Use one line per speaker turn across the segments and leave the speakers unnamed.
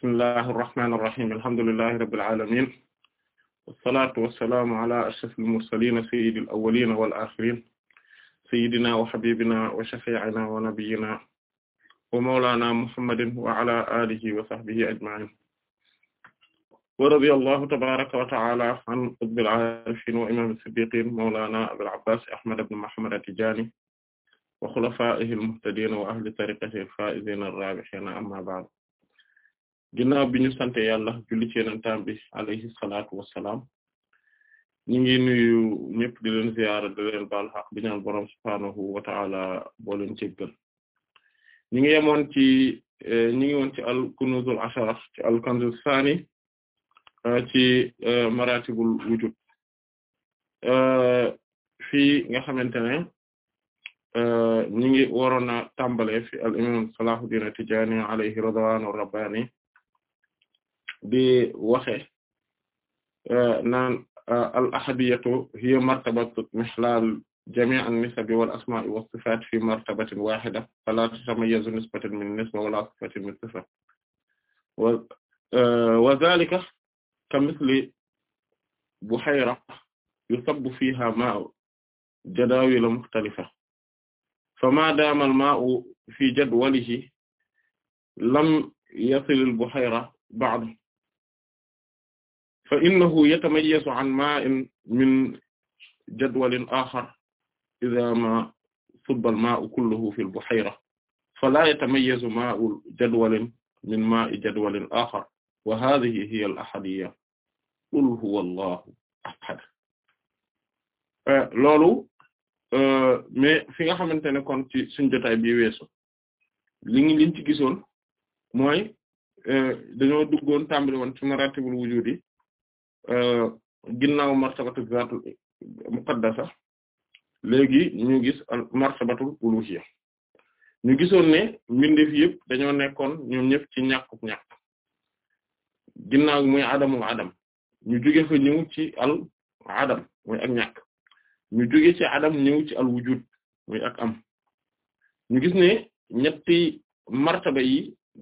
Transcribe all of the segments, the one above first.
bismillahir rahmanir rahim alhamdulillahi rabbil alamin
wassalatu wassalamu ala ashrafil mursalin sayyidil awwalin wal akhirin sayyidina wa habibina wa shafi'ina wa nabiyyina wa mawlana muhammadin wa ala alihi wa sahbihi ajma'in wa radiyallahu tabaraka wa ta'ala an qutbil arifin wa imam as-siddiqin mawlana abul abbas ahmad ibn muhammad at-tijani wa khulafa'ihil muhtadin wa ahli tariqatihi al-fa'izin ar-rabihin amma ba'd ginnaaw bi ñu sante yàlla julli ci yenentaan bi alayhi salaatu wassalaam ñu ngi nuyu ñëpp di leen ziyaara di leen baal xaq di ñaan boroom subhaanahu wa ta'ala boo leen ñu ngi yemoon ci eh, ñu ngi ci al kunuzul ashara ci al kanzul saani eh, ci eh, maratibul wujud fii nga xamante ne ñu ngi waroon a tàmbale fi al imam Salahuddin Tijaani alayhi ridwaanu rabbaani di waxe eh, naan eh, al ahadiyatu hiya martabatu mihlal jami' an-nisabi wal asma'i was sifat fi martabatin wahida fala tatamayyazu nisbatan min nisba wala sifatin min sifa wa dhalika eh, ka mithli buhayra yusabbu fiha ma'u jadawil mukhtalifa
fama dama al ma'u fi jadwalihi lam yasil al buhayra ba'dahu fa innahu
yatamayyazu an ma'in min jadwalin akhar idha ma subba al-ma'u kulluhu fi al-buhayra fala yatamayyazu ma'u jadwalin min ma'i jadwalin akhar wa hadhihi hiya al-ahadiyya qul huwa allahu ahad eh, loolu eh, mais fi nga xamante ne kon ci suñ jotaay bi weesu li ngi liñ ci gisoon mooy eh, dañoo duggoon tàmbali woon ci maratibul wujudi Euh, ginnaaw martabatu zaatul muqaddasa léegi ñu gis martabatul uluhiyya ñu gisoon ne mbindeef yëpp dañoo nekkoon ñoom ñëpp ci ñàkkuk ñàkk ginnaaw muy adamul adam ñu jóge fa ñëw ci al adam muy ak ñàkk ñu jóge ci adam ñëw ci al wujud muy ak am ñu gis ne ñetti martaba yi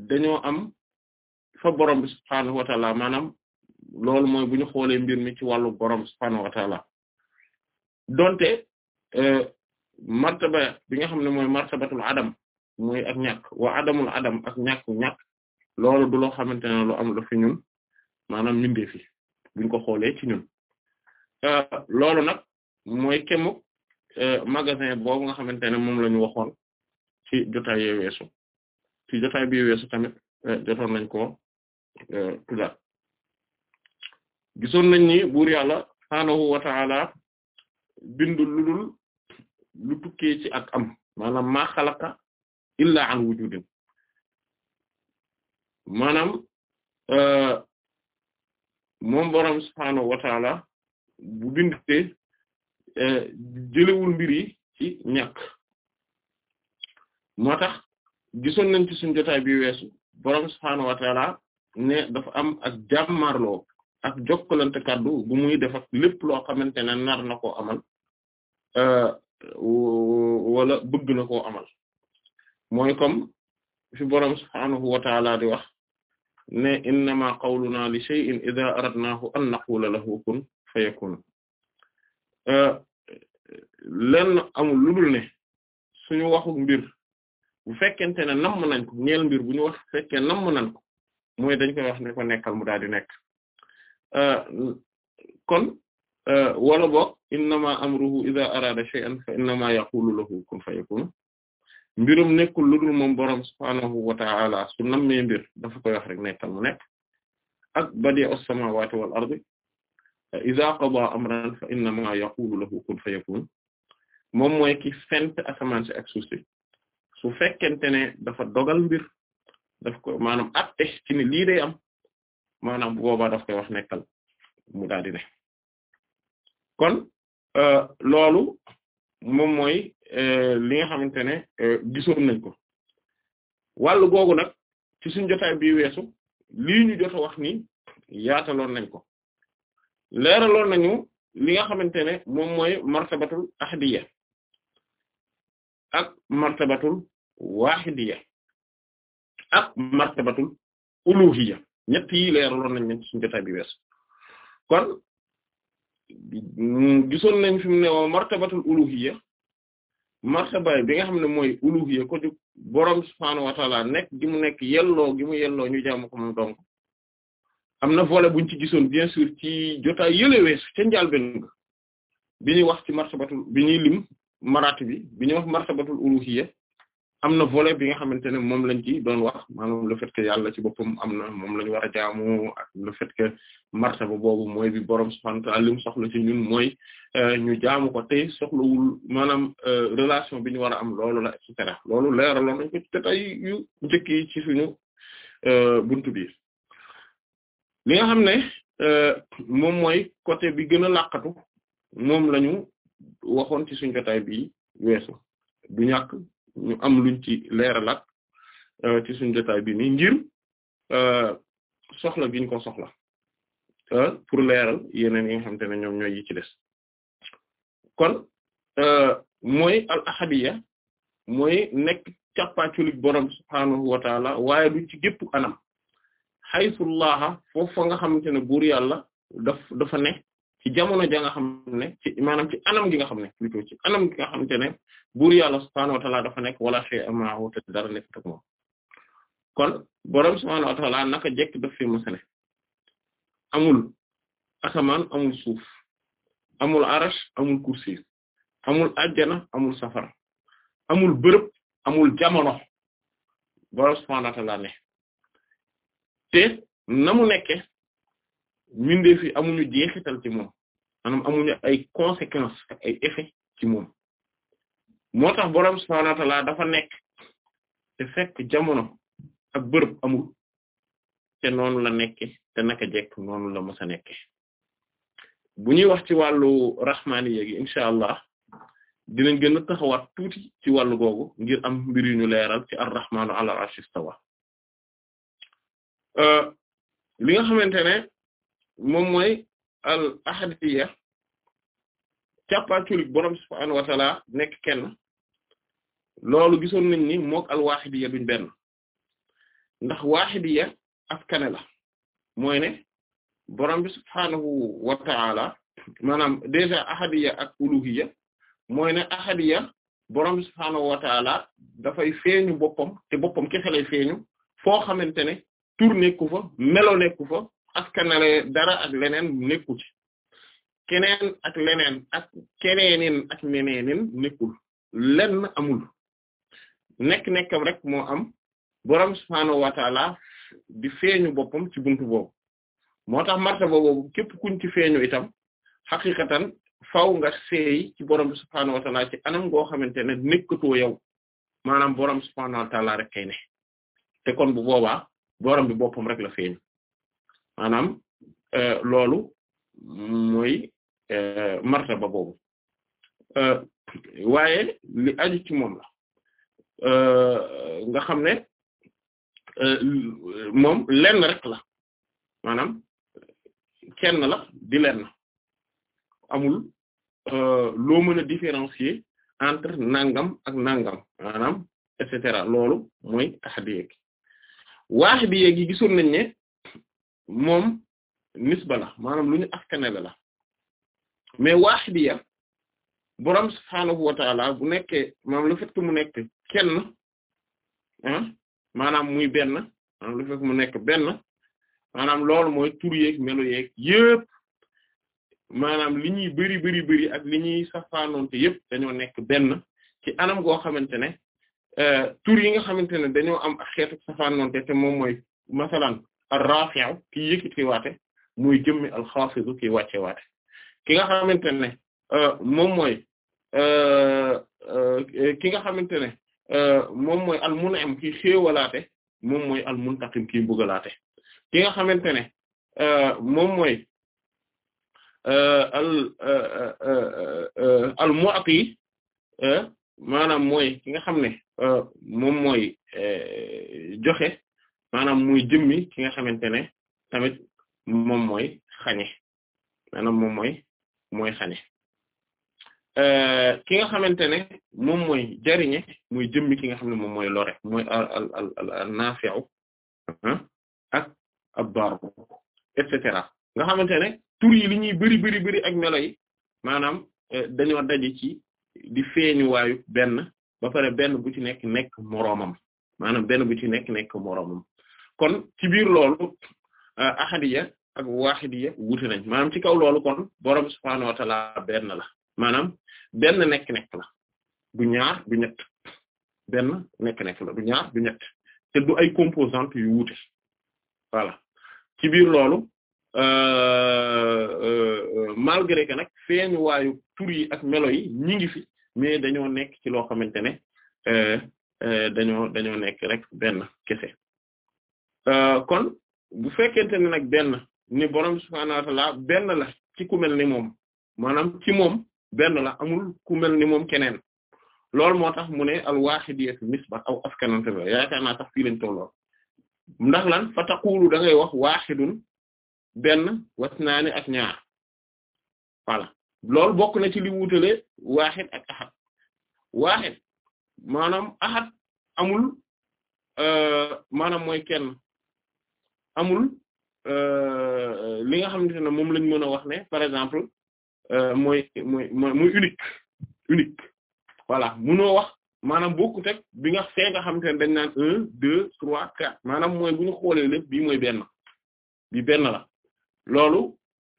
dañoo am fa borom bi subhaanahu wa ta'ala maanaam loolu mooy bu ñu xoolee mbiir mi ci wàllu borom subhaanahu wa ta'ala donte euh, martaba bi nga xam ne mooy martabatul adam mooy ak ñàkk wa adamul adam ak ñàkk ñàkk loolu du loo xamante ne lu am la fi ñun maanaam mindee fi buñ ko xoolee ci ñun euh, loolu nag mooy kemu euh, magasin boobu nga xamante ne moom la ñu waxoon ci jotaay yee weesu ci jotaay bi weesu tamit jotoon nañ ko tuddaat gisoon nañ ni buur yàlla subhaanahu wa ta'ala bindul lu dul lu tukkee ci ak am maanaam maa xalaqa illaa an wujudin maanaam euh, moom borom subhaanahu wa ta'ala bu bindte euh, jëlewul mbir yi ci ñàkk moo tax gisoon nañ ci suñu jotaay bi weesu borom subhaanahu wa ne dafa am ak jàmmarloo ak jokkalante kàddu bu muy def ak lépp loo xamante ne nar na koo amal euh, wala bëgg na koo amal mooy comme fi boroom subhaanahu wa ta'ala di wax ne innama qawluna li shay'in idha aradnahu an naqula lahu kun fayakun euh, lenn amul lu ne suñu waxu mbir bu fekkente ne namm nañ ko ñeel mbir bu ñu wax fekkee namm nañ ko dañ koy wax ne ko nekkal mu daal di Euh, kon euh, wala boog innama amruhu idha arada shay'an fa innama yaqulu lahu kun fayakun mbirum nekkul lu dul moom boroom subhaanahu wa ta'ala su nammee mbir dafa koy wax rek nekkal mu nekk ak badi'u samawati wal ardi idha qada amran fa innama yaqulu lahu kun fayakun moom mooy ki fent asamaan si ak suuf su fekkente ne dafa dogal mbir daf ko maanaam atte ci ne lii am maanaam bu boobaa daf koy wax nekkal mu kon euh, loolu moom mooy euh, li nga xamante ne euh, gisoon nañ ko wàllu googu nag ci suñ bi weesu lii ñu jot wax ni yaataloon nañ ko leeraloon nañu li nga xamante ne moom mooy martabatul
ak martabatul wahidiya ak martabatul uluhiyya ñett yi nañ leen ci suñu bi wees kon
gisoon nañ fi mu ne wa martabatul uluhiyya martaba bi nga xam ne mooy uluhiyya ko jóg boroom subhaanahu wa ta'ala nekk gi mu nekk yelloo gi yelloo ñu jaamu ko moom donc am na volet buñ ci gisoon bien sûr ci jotaay yële weesu ca njàlbeen bi ñuy wax ci martabatul bi ñuy lim maraati bi bi ñuy wax martabatul uluhiyya am na volet bi nga xamante ne moom lañ ci doon wax maanaam le fait que yàlla ci boppam am na moom la ñu a jaamu ak le fait que martaba boobu mooy bi boroom subhaanahu wa ta'aala li mu soxla ci ñun mooy euh, ñu jaamu ko tey soxlawul maanaam euh, relation bi ñu war a am loolu la et cetera loolu leeraloon nañ ko ci suñu euh, buntu bi li nga xam ne moom mooy côté bi gën a làqatu moom la ñu waxoon ci suñu jotaay bi weesu du ñàkk ñu am luñ ci leeralaat euh, ci suñu jotaay bi nii ngir euh, soxla giñ ko soxla euh, pour leeral yeneen yi nga xamante ne ñoom ñooy kon mooy al ahadiyya mooy nekk càppaaculig borom subhaanahu wa taala waaye du ci gépp anam xaysullaaha foofu fa nga xam ne buur yàlla daf dafa ne ci jamono ja nga xam ne ci ci anam gi nga xam ne plutôt ci anam gi nga xamante ne buur yàlla subhaanahu wa ta'ala dafa nekk wala shay'a ma'ahu te dara nekk ak moom kon borom subhaanahu wa ta'ala naka jekk daf fi masale amul asamaan amul suuf amul arash amul kursi amul ajjana amul safara amul bërëb amul jamono borom subhaanahu wa ta'ala ne te na mu mbindeef yi amuñu jeexital ci moom maanaam amuñu ay conséquences ak ay effets ci moom moo tax boroom subhaanahu dafa nekk te fekk jamono ak bërëb amul te noonu la nekke te naka jekk noonu la mës nekke bu ñuy wax ci wàllu rahmaaniya gi incha allah dinañ gën a taxawaat tuuti ci wàllu googu ngir am mbir yu ñu leeral ci ar-rahmaanu ala arshi istawa euh, li nga moom mooy al ahadiyya càppaatulik borom subhaanahu wa nekk kenn loolu gisoon nañ ni mook al wahidiyya duñ benn ndax wahidiyya askane la mooy ne borom bi subhaanahu wa ta'ala maanaam déjà ahadiyya ak uluhiyya mooy ne borom bi subhaanahu wa dafay feeñu boppam te boppam kese lay feeñu foo xamante ne tur nekku fa melo askanale dara ak leneen nekku ci keneen ak leneen ak keneenin ak neneenin nekkul lenn amul nekk-nekkam rek moo am borom subhaanahu wa di feeñu boppam ci buntu boobu moo tax martaba boobu képp kuñ ci feeñu itam xaqiqatan faw nga seey ci borom subhaanahu wa taala ci anam goo xamante ne nekkatoo yow maanaam borom subhaanahu rek kay te kon bu boobaa borom bi boppam rek la feeñu maanaam euh, loolu mooy euh, martaba boobu euh, waaye li aju ci moom la nga xam ne moom lenn rek la maanaam kenn la di lenn amul loo mën a différencier entre nangam ak nangam maanaam et cetera loolu mooy ahadiyya gi waahidiyya gi gisoon nañ ne moom nisba la maanaam lu ñu askanale la mais waaxidiya borom subhaanahu wa bu nekkee maanaam lu fait que mu nekk kenn ah maanaam muy benn maanaam le mu nekk benn maanaam loolu mooy tur yeeg melo yeeg yëpp maanaam li ñuy bëri bëri ak li ñuy safaanoonte yëpp dañoo nekk benn ci anam goo xamante ne euh, tur yi nga xamante ne dañoo am ak xeetu ar-rafi'u ki yëkkati waate muy jëmmi al-xaafidu ki wàcce waate ki nga xamante ne euh, moom mooy euh, euh, ki nga xamante ne moom mooy al-mun'im ki xéewalaate moom mooy al-muntaqim ki mbugalaate ki nga xamante ne moom mooy al al-mu'ti maanaam mooy ki nga xam ne moom mooy joxe maanaam muy jëmmi ki nga xamante ne tamit moom mooy xane maanaam moom mooy mooy xane euh, ki nga xamante ne moom mooy jariñe muy jëmmi ki nga xam ne moom mooy lore mooy a al al nafi'u ah, ak ad-darr et nga xamante ne tur yi li ñuy bëri bëri bëri ak melo maanaam euh, dañoo daje ci di feeñuwaayu benn ba pare benn bu ci nekk nekk moroomam maanaam benn bu ci nekk nekk moroomam kon ci biir loolu euh, ahadiyya ak wahidiyya wuute nañ maanaam ci kaw loolu kon borom subhaanahu wa benn la maanaam benn nekk-nekk la du ñaar du ñett nekk-nekk la du ñaar du ñett te du ay composantes yu wuute voilà ci biir loolu euh, euh, malgré que nag feeñ waayu tur yi ak melo yi ñi fi mais dañoo nekk ci loo xamante ne dañoo dañoo nekk rek benn kese Euh, kon fekke fekkente ne nag benn ni borom subhaanahu wa benn la ci ku mel ni moom maanaam ci moom benn la amul ku mel ni moom keneen loolu moo tax mu ne al-waahidiyatu nisba aw askanante la yaakaar naa tax fii lañ ndax lan fa taqulu da ngay wax waahidun benn wasnaani ak ñaar voilà loolu bokk na ci li wuutale waahid ak ahad waahid maanaam ahad amul euh, maanaam mooy kenn amul euh, euh, li nga xamante ne moom lañ mën a wax ne par exemple euh, mooy mooy mooy unique unique voilà mënoo wax maanaam bokkut ak bi nga fee nga xamante ne dañ naan un deux trois quatre maanaam mooy bu ñu xoolee lépp bii mooy benn bi benn la loolu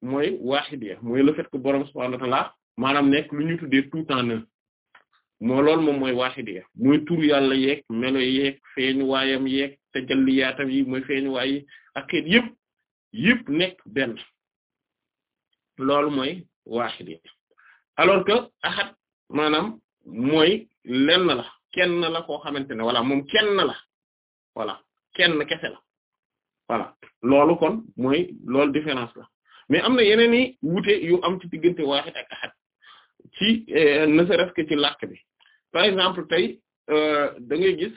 mooy waaxidiya mooy le fait que borom subhaanahu wa ta'ala maanaam nekk lu ñu tuddee tout en un moo loolu moom mooy waaxidiya mooy tur yàlla yeeg melo yeeg feeñu waayam yeeg tajalli yaatam yi mooy feeñu waay ak xeet yëpp yëpp nekk benn loolu mooy waaxid yi alors que ahad maanaam mooy lenn la kenn la koo xamante ne voilà moom kenn la voilà kenn kese la voilà loolu kon mooy loolu différence la mais am na yeneen i wuute yu am ci diggante waaxid ak ahad ci euh, ne serait-ce que ci làkk bi par exemple tey euh, da ngay gis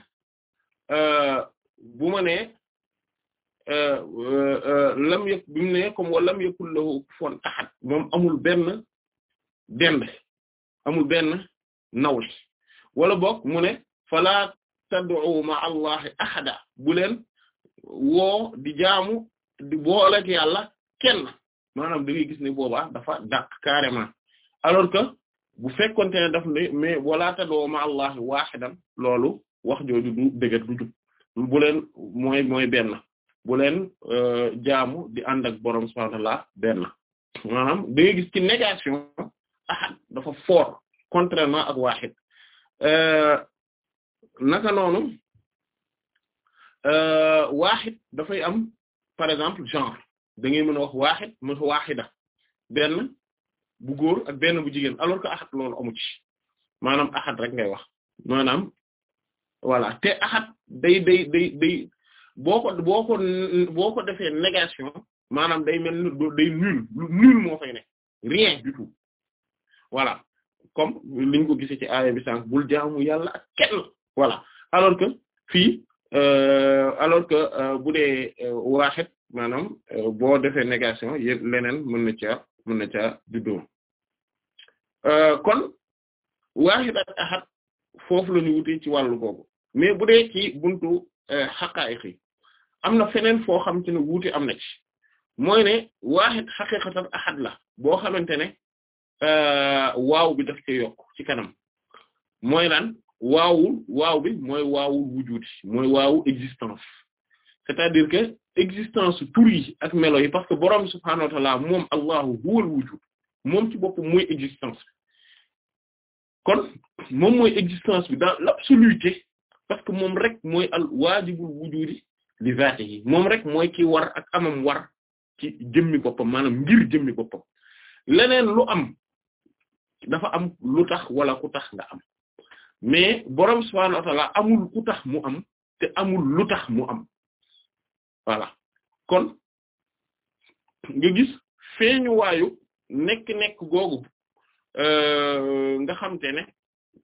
euh, bu ma Euh, euh, lam yëpp bi mu ne comme wala lam yëppul lahu kufuwan ahad moom amul benn dend amul benn nawle wala boog mu ne fala tad'u ma'a allahi ahada bu leen woo di jaamu di booleeg yàlla kenn maanaam da ngay gis ne boobaa dafa dàq carrément alors que bu fekkonte ne daf ne mais wala tad'u ma'a allahi wahidan loolu wax jooju du dëgër du jub bu leen mooy mooy benn bu leen euh, jaamu di ànd ak borom subhaanahu wa ta'aala benn gis ci négation ahad dafa fort contrairement ak waahid euh, naka noonu euh, waahid dafay am par exemple genre da ngay mën a wax waahid mën a waahida benn bu góor ak benn bu jigéen alors que ahad loolu amu ci maanaam ahad rek ngay wax maanaam voilà te ahad day day day day boo ko boo ko boo ko négation maanaam day mel ni day nul nul moo
rien du tout
voilà comme liñ ko gisee ci aaya bi sànq bul jaamu yàlla ak voilà alors que fii euh, alors que euh, bu dee euh, waaxit maanaam boo defee négation yé leneen mën na caa mën na caa juddoo kon waaxit ak axat foofu la ñu wutee ci wàllu boobu mais bu xaqaa'iq euh, yi am na feneen foo xamante ne wuute am na mooy ne waaxit xaqiqatan ahad la boo xamante ne euh, waaw bi daf ci yokk ci kanam mooy lan waawul waaw bi mooy waawul wujuudi mooy waawu existence c'est-à-dire que existence tur ak melo yi parce que borom subhaanahu wa ta'aala moom Allahu huwal wujuud moom ci bopp mooy existence kon moom mooy existence bi dans l'absoluité parce que moom rek mooy al waajibul wujudi li zaatihi moom rek mooy ki war ak amam war ki jëmmi boppam maanaam ngir jëmmi boppam leneen lu am dafa am lu tax wala ku tax nga am mais borom subhaanahu wa ta'aala amul ku tax mu am te amul lu tax mu am voilà kon nga gis feeñuwaayu nekk-nekk googu euh, nga xam te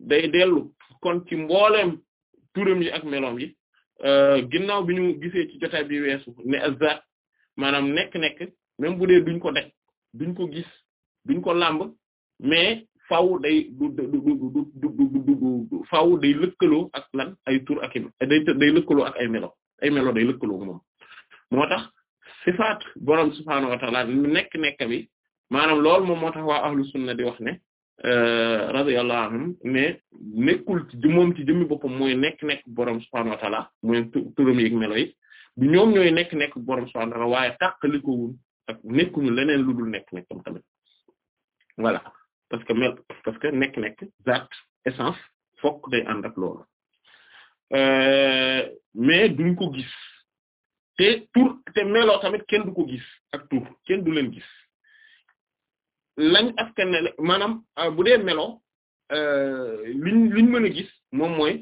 day dellu kon ci mbooleem tour turam yi ak meloom yi ginnaaw bi ñu gisee ci jotaay bi weesu ne azat maanaam nekk-nekk même bu dee duñ ko daj duñ ko gis duñ ko làmb mais faaw day du du du du du faaw day lëkkaloo ak lan ay tur ak i day day lëkkaloo ak ay melo ay melo day lëkkaloo moom moo tax sifaat borom subhaanahu wa ta'aala nekk nekk bi maanaam loolu moom moo tax waa ahlu sunna di wax ne Euh, radiyallahu anhum mais nekkul ci moom ci jëmmi boppam mooy nekk-nekk boroom subhaanahu wa ta'ala mooy turam yeeg melo yi du ñoom ñooy nekk-nekk boroom subhaanahu wa waaye tàqalikowul ak nekkuñu leneen lu dul nekk-nekkam parce que mel parce que nekk-nekk essence fokk day ànd ak loolu euh, mais duñ ko gis te tur te tamit kenn du ko ak tur kenn du leen gis lañ askanale maanaam ah, bu dee melo euh, liñ liñ mën a gis moom mooy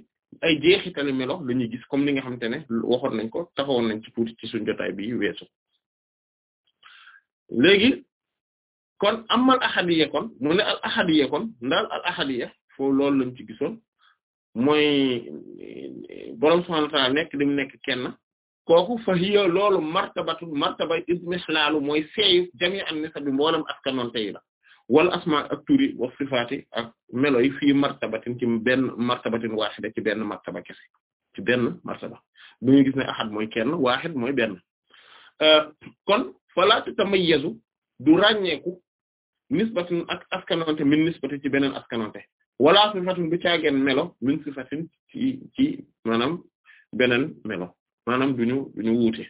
ay jeexitali melo la ñuy gis comme ni nga xamante ne waxoon nañ ko taxawoon nañ ci tuuti ci suñ jotaay bi weesu léegi kon amal ahadiya kon mu ne al ahadiya kon ndaal al ahadiya foo loolu lañ ci gisoon mooy eh, eh, boroom subhaanahu wa ta'aala nekk di mu nekk kenn kooku fa hiya loolu martabatu martabay ismihlaalu mooy feeyu jami an nisabi mboolem askanonte yi la wala asma ak turi wa sifaati ak melo yi fii martabatin ci benn martabatin waaxida ci benn martaba kese ci benn martaba bu ñu gis ne ahad mooy kenn waaxid mooy benn euh, kon fala tatamayyazu du ràññeeku nisbatun askanonte min nisbati ci beneen askanonte wala sifatin bu caageen melo min sifatin ci ci maanaam beneen melo maanaam duñu duñu wuute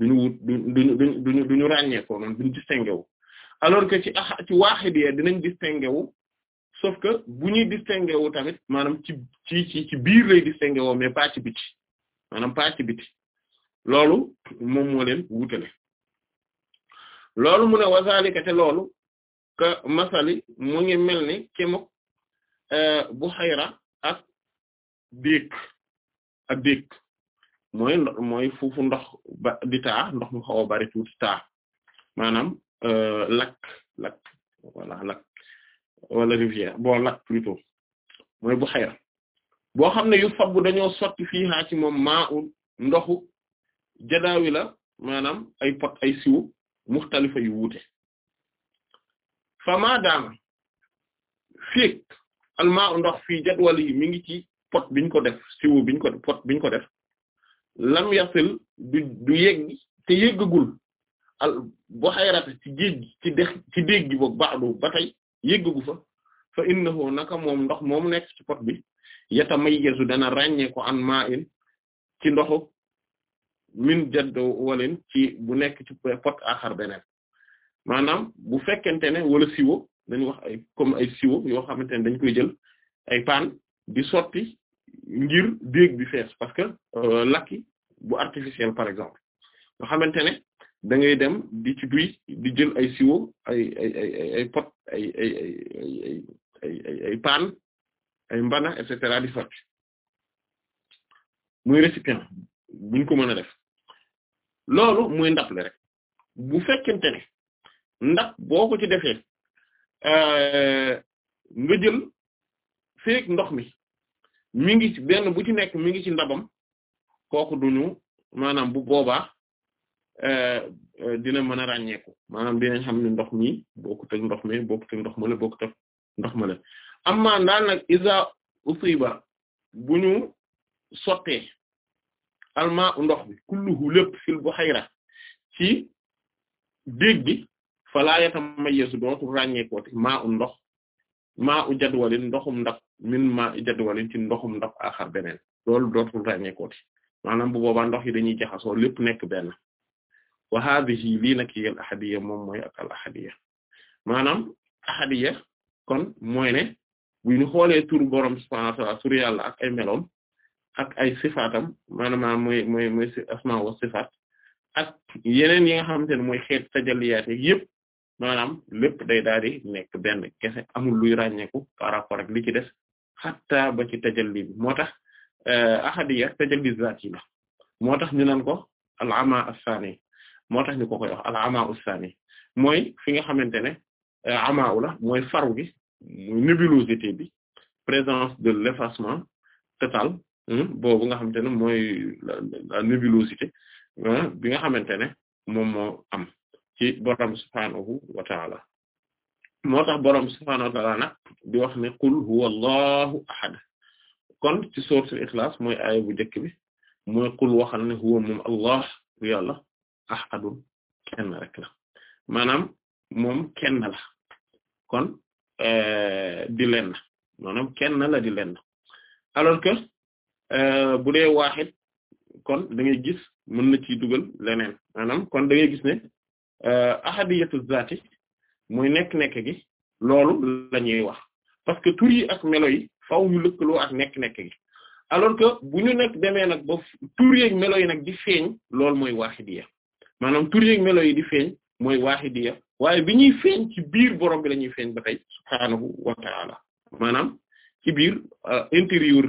duñu wut duñu duñu duñu ràññee ko noonu duñu alors que ci a ci waaxidiyya dinañ distingué wu que bu ñuy distingué wu tamit maanaam ci ci ci biir lay distingué woo mais pas ci biti maanaam pas ci biti loolu moom moo leen wutale loolu mu ne loolu ka masali mu ngi mel ni kémuk eh, bu xayra ak déeg ak déeg mooy mooy fuufu ndox ba di taa ndox mu xaw a bari tuuti taa maanaam euh, lac lac wala lac wala rivière bon lac plutôt mooy bu xayra boo xam ne yu fabbu dañoo sotti fii haa ci moom maa u ndoxu jadaawi la maanaam ay pot ay siwu muxtalifa yu wuute fa maa daana fiig al maa u ndox fii jadwal yi mi ngi ci pot biñ ko def siwu biñ ko pot biñ ko def lam yasil du du yegg te yeggagul al buhayrata ci géej gi ci dex ci déeg gi boog ba'du ba tey yeggagu fa fa innahu naka moom ndox moomu nekk ci pot bi yatamayyazu dana ràññee ko an ma'in ci ndoxu min jaddo walin ci bu nekk ci pot axar beneen maanaam bu fekkente ne wala siwo dañ wax ay comme ay siwo yoo xamante ne dañ koy jël ay paan di sotti ngir déeg bi fees parce que euh, lakki bu artificiel par exemple nga xamante ne da ngay dem di ci duy di jël ay siwo ay ay ay ay pot ay ay ay paan ay mbana et di sotti
muy récipient buñ ko mën a def loolu muy ndab le rek bu fekkente ne ndab boo ko ci defee
euh, nga jël feek ndox mi mi ngi ci benn bu ci nekk mi ngi ci ndabam kooku ñu maanaam bu boobaa euh, euh, dina mën a ràññeeku maanaam dinañ xam ne ndox mi bokkut ak ndox mi bokkut ak ndox male bokkut ak ndox male amma daal nag iza usiba bu ñu sottee alma u ndox bi kulluhu lépp fil buhayra ci dég gi falaa yatamayyazu dootul ràññeekooti maa u ndox maa u jadwalin ndoxum ndab min ma u jadwalin ci ndoxum ndab axar beneen loolu dootul ràññeekooti maanaam bu boobaa ndox yi dañuy jaxasoo lépp nekk benn wa hadhihi lii nag yel ahadiya moom mooy ak al ahadiya maanaam ahadiya kon mooy ne bu ñu xoolee tur borom subhaanahu wa ta'aala ak ay meloom ak ay sifaatam maanaam mooy mooy sifaat ak yeneen yi nga xamante ne mooy xeet tajalliyaat yeeg yëpp maanaam lépp day daal di nekk kese amul luy ràññeeku par rapport ak li ci des xataa ba ci tajalli bi Eh, ahadiya tajalli zaati la moo tax ñu naan ko al ama as-saani moo tax ñu ko koy wax ama as-saani mooy fi nga xamante ne eh, ama la mooy faru gi nébulosité bi présence de l'effacement total hmm, boobu nga xamante ne mooy la nébulosité bi nga xamante ne moom moo am ci borom subhaanahu wa ta'ala moo tax borom subhaanahu wa ta'ala nag di wax ne qul huwa allahu ahad kon ci sourate Ikhlas mooy aaya bu njëkk bi mooy qul waxal ne huwa moom allah yàlla ahadun kenn rek la maanaam moom kenn la kon eh, di lenn maanaam kenn la di lenn alors que eh, bu dee waaxit kon da ngay gis mën na ciy dugal leneen maanaam kon da ngay gis ne eh, ahadiyatu zaati mooy nekk-nekk gi loolu la ñuy wax parce que tur yi ak melo yi faaw ñu lëkkaloo ak nekk-nekk gi alors que bu ñu nekk demee nag ba tur yeeg melo yi nag di feeñ loolu mooy waxi waaxidiya maanaam tur yeeg melo yi di feeñ mooy di waaxidiya waaye bi ñuy feeñ ci biir borom bi la ñuy feeñ ba tey subhaanahu wa ta'ala maanaam ci biir euh, intérieur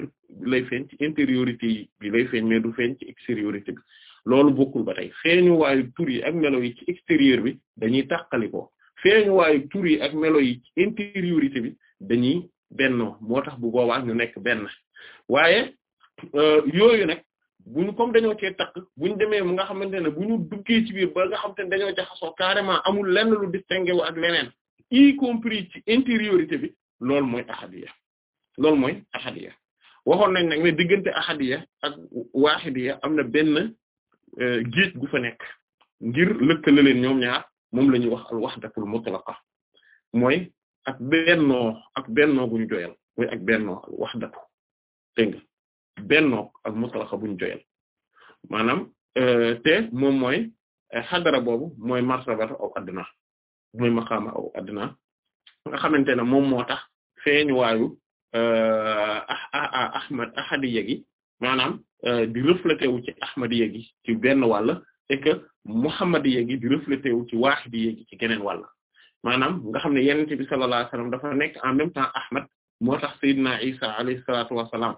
lay feeñ ci intériorité yi bi lay feeñ mais du feeñ ci extériorité bi loolu bokkul ba tey feeñu waayu tur yi ak melo yi ci extérieur bi dañuy tàqali ko feeñu waayu tur yi ak melo yi ci intériorité bi bennoo moo tax bu boobaa ñu nekk benn waaye euh, yooyu nag bu ñu comme dañoo cee takk bu ñu demee mu nga xamante ne bu ñu duggee ci biir ba nga xamante ne dañoo jaxasoo carrément amul lenn lu distingué wu ak leneen y compris ci intériorité bi loolu mooy ahadiya loolu mooy ahadiya waxoon nañ nag ne diggante ahadiya ak wahidiya am na benn euh, géej gu fa nekk ngir lëkkale leen ñoom ñaar moom la ñuy wax al wahdatul mutlaqa mooy ak bennoo ak benno guñu joyal mooy ak bennoo ak waxdatu dégg nga bennoo ak mutlaqa buñu joyal maanaam euh, te moom mooy euh, xadara boobu mooy martabata aw adduna mooy maqaama aw adduna nga xamante ne moom moo tax feeñu waayu euh, ah, ah ah ahmad ahadiya gi maanaam di reflété wu ci ahmadiya gi ci benn wàll et que muhammadiya gi di reflété wu ci waahidiya gi ci geneen wàll maanaam nga xam ne yenente bi sallallahu alayhi wasallam dafa nekk en même temps Ahmad moo tax Seydina Isa alayhi salaatu a wassalaam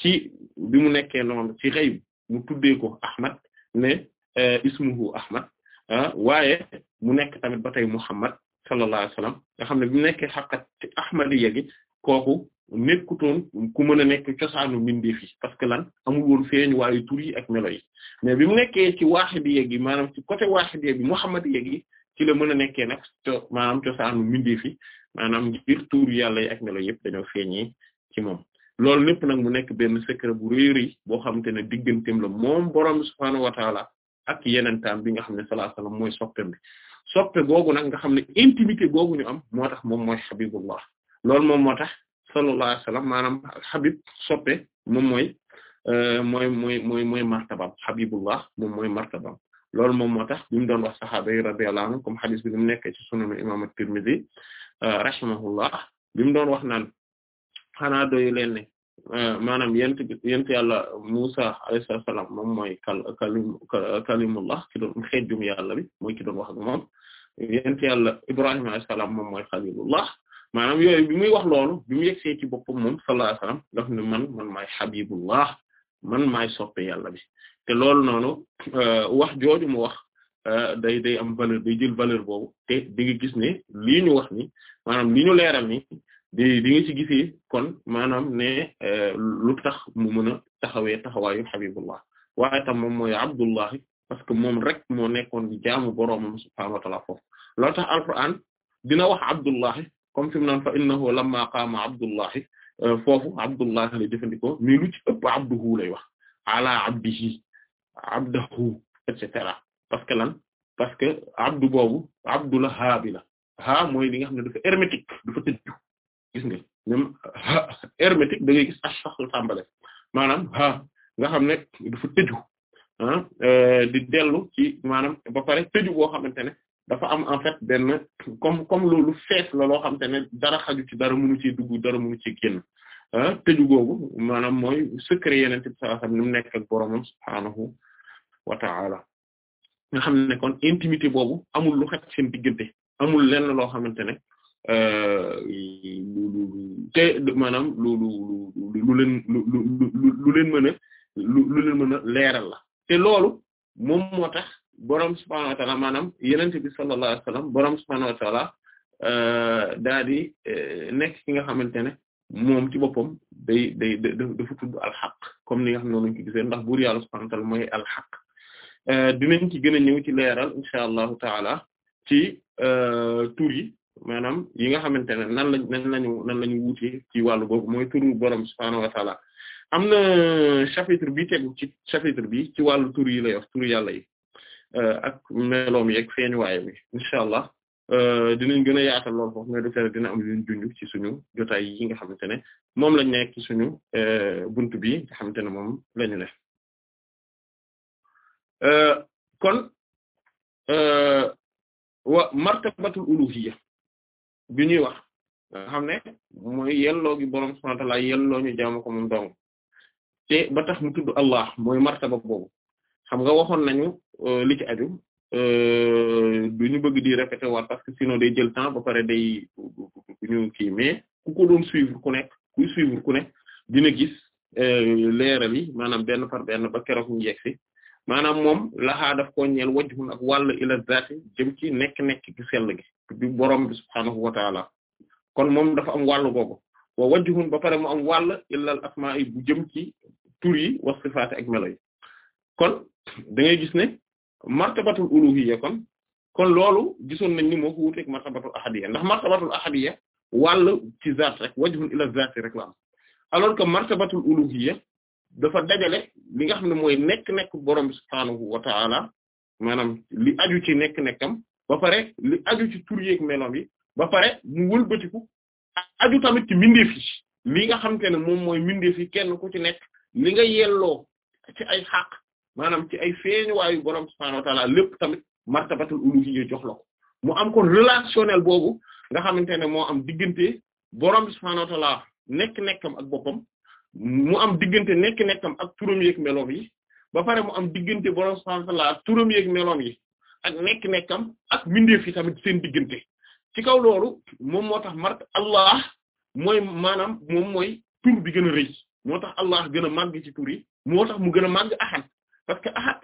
ci bi mu nekkee noonu ci xëy mu tuddee ko Ahmad ne euh, ismuhu Ahmad ah, waaye mu nekk tamit ba tey Muhammad sallallahu alayhi wasallam nga xam ne bi mu nekkee xaqat ci Ahmadiyya gi kooku nekkutoon ku mën a nekk cosaanu mbindeef yi parce que lan amul woon feeñ waaye tur yi ak melo yi mais bi mu nekkee ci Wahidiyya gi maanaam ci côté Wahidiyya bi Muhammadiyya gi ci la mën a nekkee nag co maanaam cosaanu mbindee fi maanaam tur tuuru yàlla yi ak melo yëpp dañoo feeñee ci moom loolu lépp nag mu nekk benn secret bu rëy rëy boo xamante ne digganteem la moom borom subhaanahu wa taala ak yenentaam bi nga xam ne sallallahu alayhi wasallam mooy soppeem bi soppe googu nag nga xam ne intimité googu ñu am moo tax moom mooy xabibullah loolu moom moo tax sallallahu alayhi wasallam maanaam xabib soppe moom euh, mooy mooy mooy mooy mooy martabam xabibullah moom mooy martabam loolu moom moo tax bi mu doon wax saxaaba yi radiyallahu anhum comme xadis bi ni mu nekkee ci sunan imam at-Tirmidhi euh, rahimahullah bi mu doon wax naan xanaa doyu leen ne euh, maanaam yent yent yàlla Musa alayhi salaam moom mooy kal kalim kalimullah ki mooy ki doon yent yàlla Ibrahima alayhi salaam moom mooy xalilullah maanaam yooyu bi wax loolu bi mu yegsee ci boppam moom sallallahu alayhi wasallam daf ne man man maay man maay soppe yàlla bi te loolu noonu euh, wax jooju mu wax euh, day day am valeur day jël valeur boobu te di gis ne lii ñu wax ni maanaam li ñu leeral ni di di nga ci gisee kon maanaam ne euh, lu tax mu mën a taxawee taxawaayu Habibullah waaye tam moom mooy Abdullahi parce que moom rek moo nekkoon di jaamu boroomam subhaanahu wa ta'aala foofu loolu tax Alxuraan dina wax Abdullahi comme fi mu naan fa innahu lamma qaama Abdullahi foofu Abdullahi la jëfandikoo mais lu ci ëpp abduhu lay wax ala abdihi abdahu et cetera parce que lan parce abdu boobu abdu la haa bi la haa mooy li nga xam ne dafa
hermétique dafa tëju gis
hermétique da ngay gis as sax la tàmbale maanaam haa nga xam ne dafa tëju ah di dellu ci maanaam ba pare tëju boo xamante ne dafa am en fait benn comme comme loolu fees la loo xamante ne dara xaju ci dara mënu ci dugg dara mënu ci génn Ah tëju googu maanaam mooy secret yeneen bi sallallahu alayhi wasallam ni mu nekk nga xam ne intimité boobu amul lu xet seen diggante amul lenn loo xamante ne lu euh, lu maanaam lu lu lu lu leen lu lu lu mën a lu lu leen mën a leeral la te loolu moom moo borom subhaanahu wa ta'ala maanaam yeneen bi sallallahu alayhi wasallam borom subhaanahu wa ta'ala euh, daa di euh, nekk ki nga xamante ne. moom ci boppam day day dafa tudd alxaq comme ni nga xam ne noonu ko gisee ndax buur yàlla subhaanahu wa ta'aala mooy alxaq euh, dinañ ci gën a ñëw ci leeral insha allahu taala ci euh, tur yi maanaam yi nga xamante ne nan lañ nan lañu nan lañu wuute ci wàllu boobu mooy turu borom subhaanahu wa taala am na chapitre bi tegu ci chapitre bi ci wàllu tur yi lay wax turu yàlla yi euh, ak meloom yeeg feeñuwaay bi incha allah Euh, dinañ gën a yaatal lool foofu mais du dina am yuñ junj ci suñu jotaay yi nga xamante ne moom lañ ne ci suñu euh, bunt
bi nga xamante ne moom lañu ne euh, kon wa martabatul uluhiyya bi ñuy
wax nga xam ne mooy yelloo gi boroom subhanahu wa ta'ala yelloo ñu jaamu ko moom dong te ba tax mu tudd Allah mooy martaba boobu xam nga waxoon nañu li ci aju Euh, du ñu bëgg di répéter waat parce que sinon day jël temps ba pare day ñu kii mais ku ko doon suivre ku nekk kuy suivre ku nekk dina gis euh, leeral yi maanaam benn par benn ba keroog ñu yegg si maanaam moom laxaa daf koo ñeel wajhun ak wàll ila zaati jëm ci nekk-nekk gi sell gi du borom bi subhaanahu wa kon moom dafa am wàll googu wa wajhun ba pare mu am wal ilal asmaa yi bu jëm ci tur yi wa sifaat ak melo kon da gis ne martabatul uluhiyya kon kon loolu gisoon nañ ni moo ko wuteeg martabatul ahadiyya ndax martabatul ahadiyya wàll ci zaat rek wajhun ila zaat rek la am alors que martabatul uluhiyya dafa dajale li nga xam ne mooy nekk-nekk borom bi subhaanahu wa ta'ala maanaam li aju ci nekk-nekkam ba pare li aju ci tur yeeg meloom ba pare mu wëlbatiku aju tamit ci mbindeef li nga xamante ne moom mooy mbindeef yi kenn ku ci nekk li nga yelloo ci ay xaq maanaam ci ay feeñuwaayu borom subhaanahu wa ta'aala lépp tamit martabatul uluhiyya jox la mu am kon relationnel boobu nga xamante ne moo am diggante borom subhaanahu wa ta'aala nekk-nekkam ak boppam mu am diggante nekk-nekkam ak turam yeeg meloom yi ba pare mu am diggante borom subhaanahu wa ta'aala turam yeeg meloom yi ak nekk-nekkam ak mbindeef yi tamit seen diggante ci kaw loolu moom moo tax mart Allah mooy maanaam moom mooy tur bi gën a rëy moo tax Allah gën a màgg ci tur yi moo tax mu gën a màgg axad parce que ahad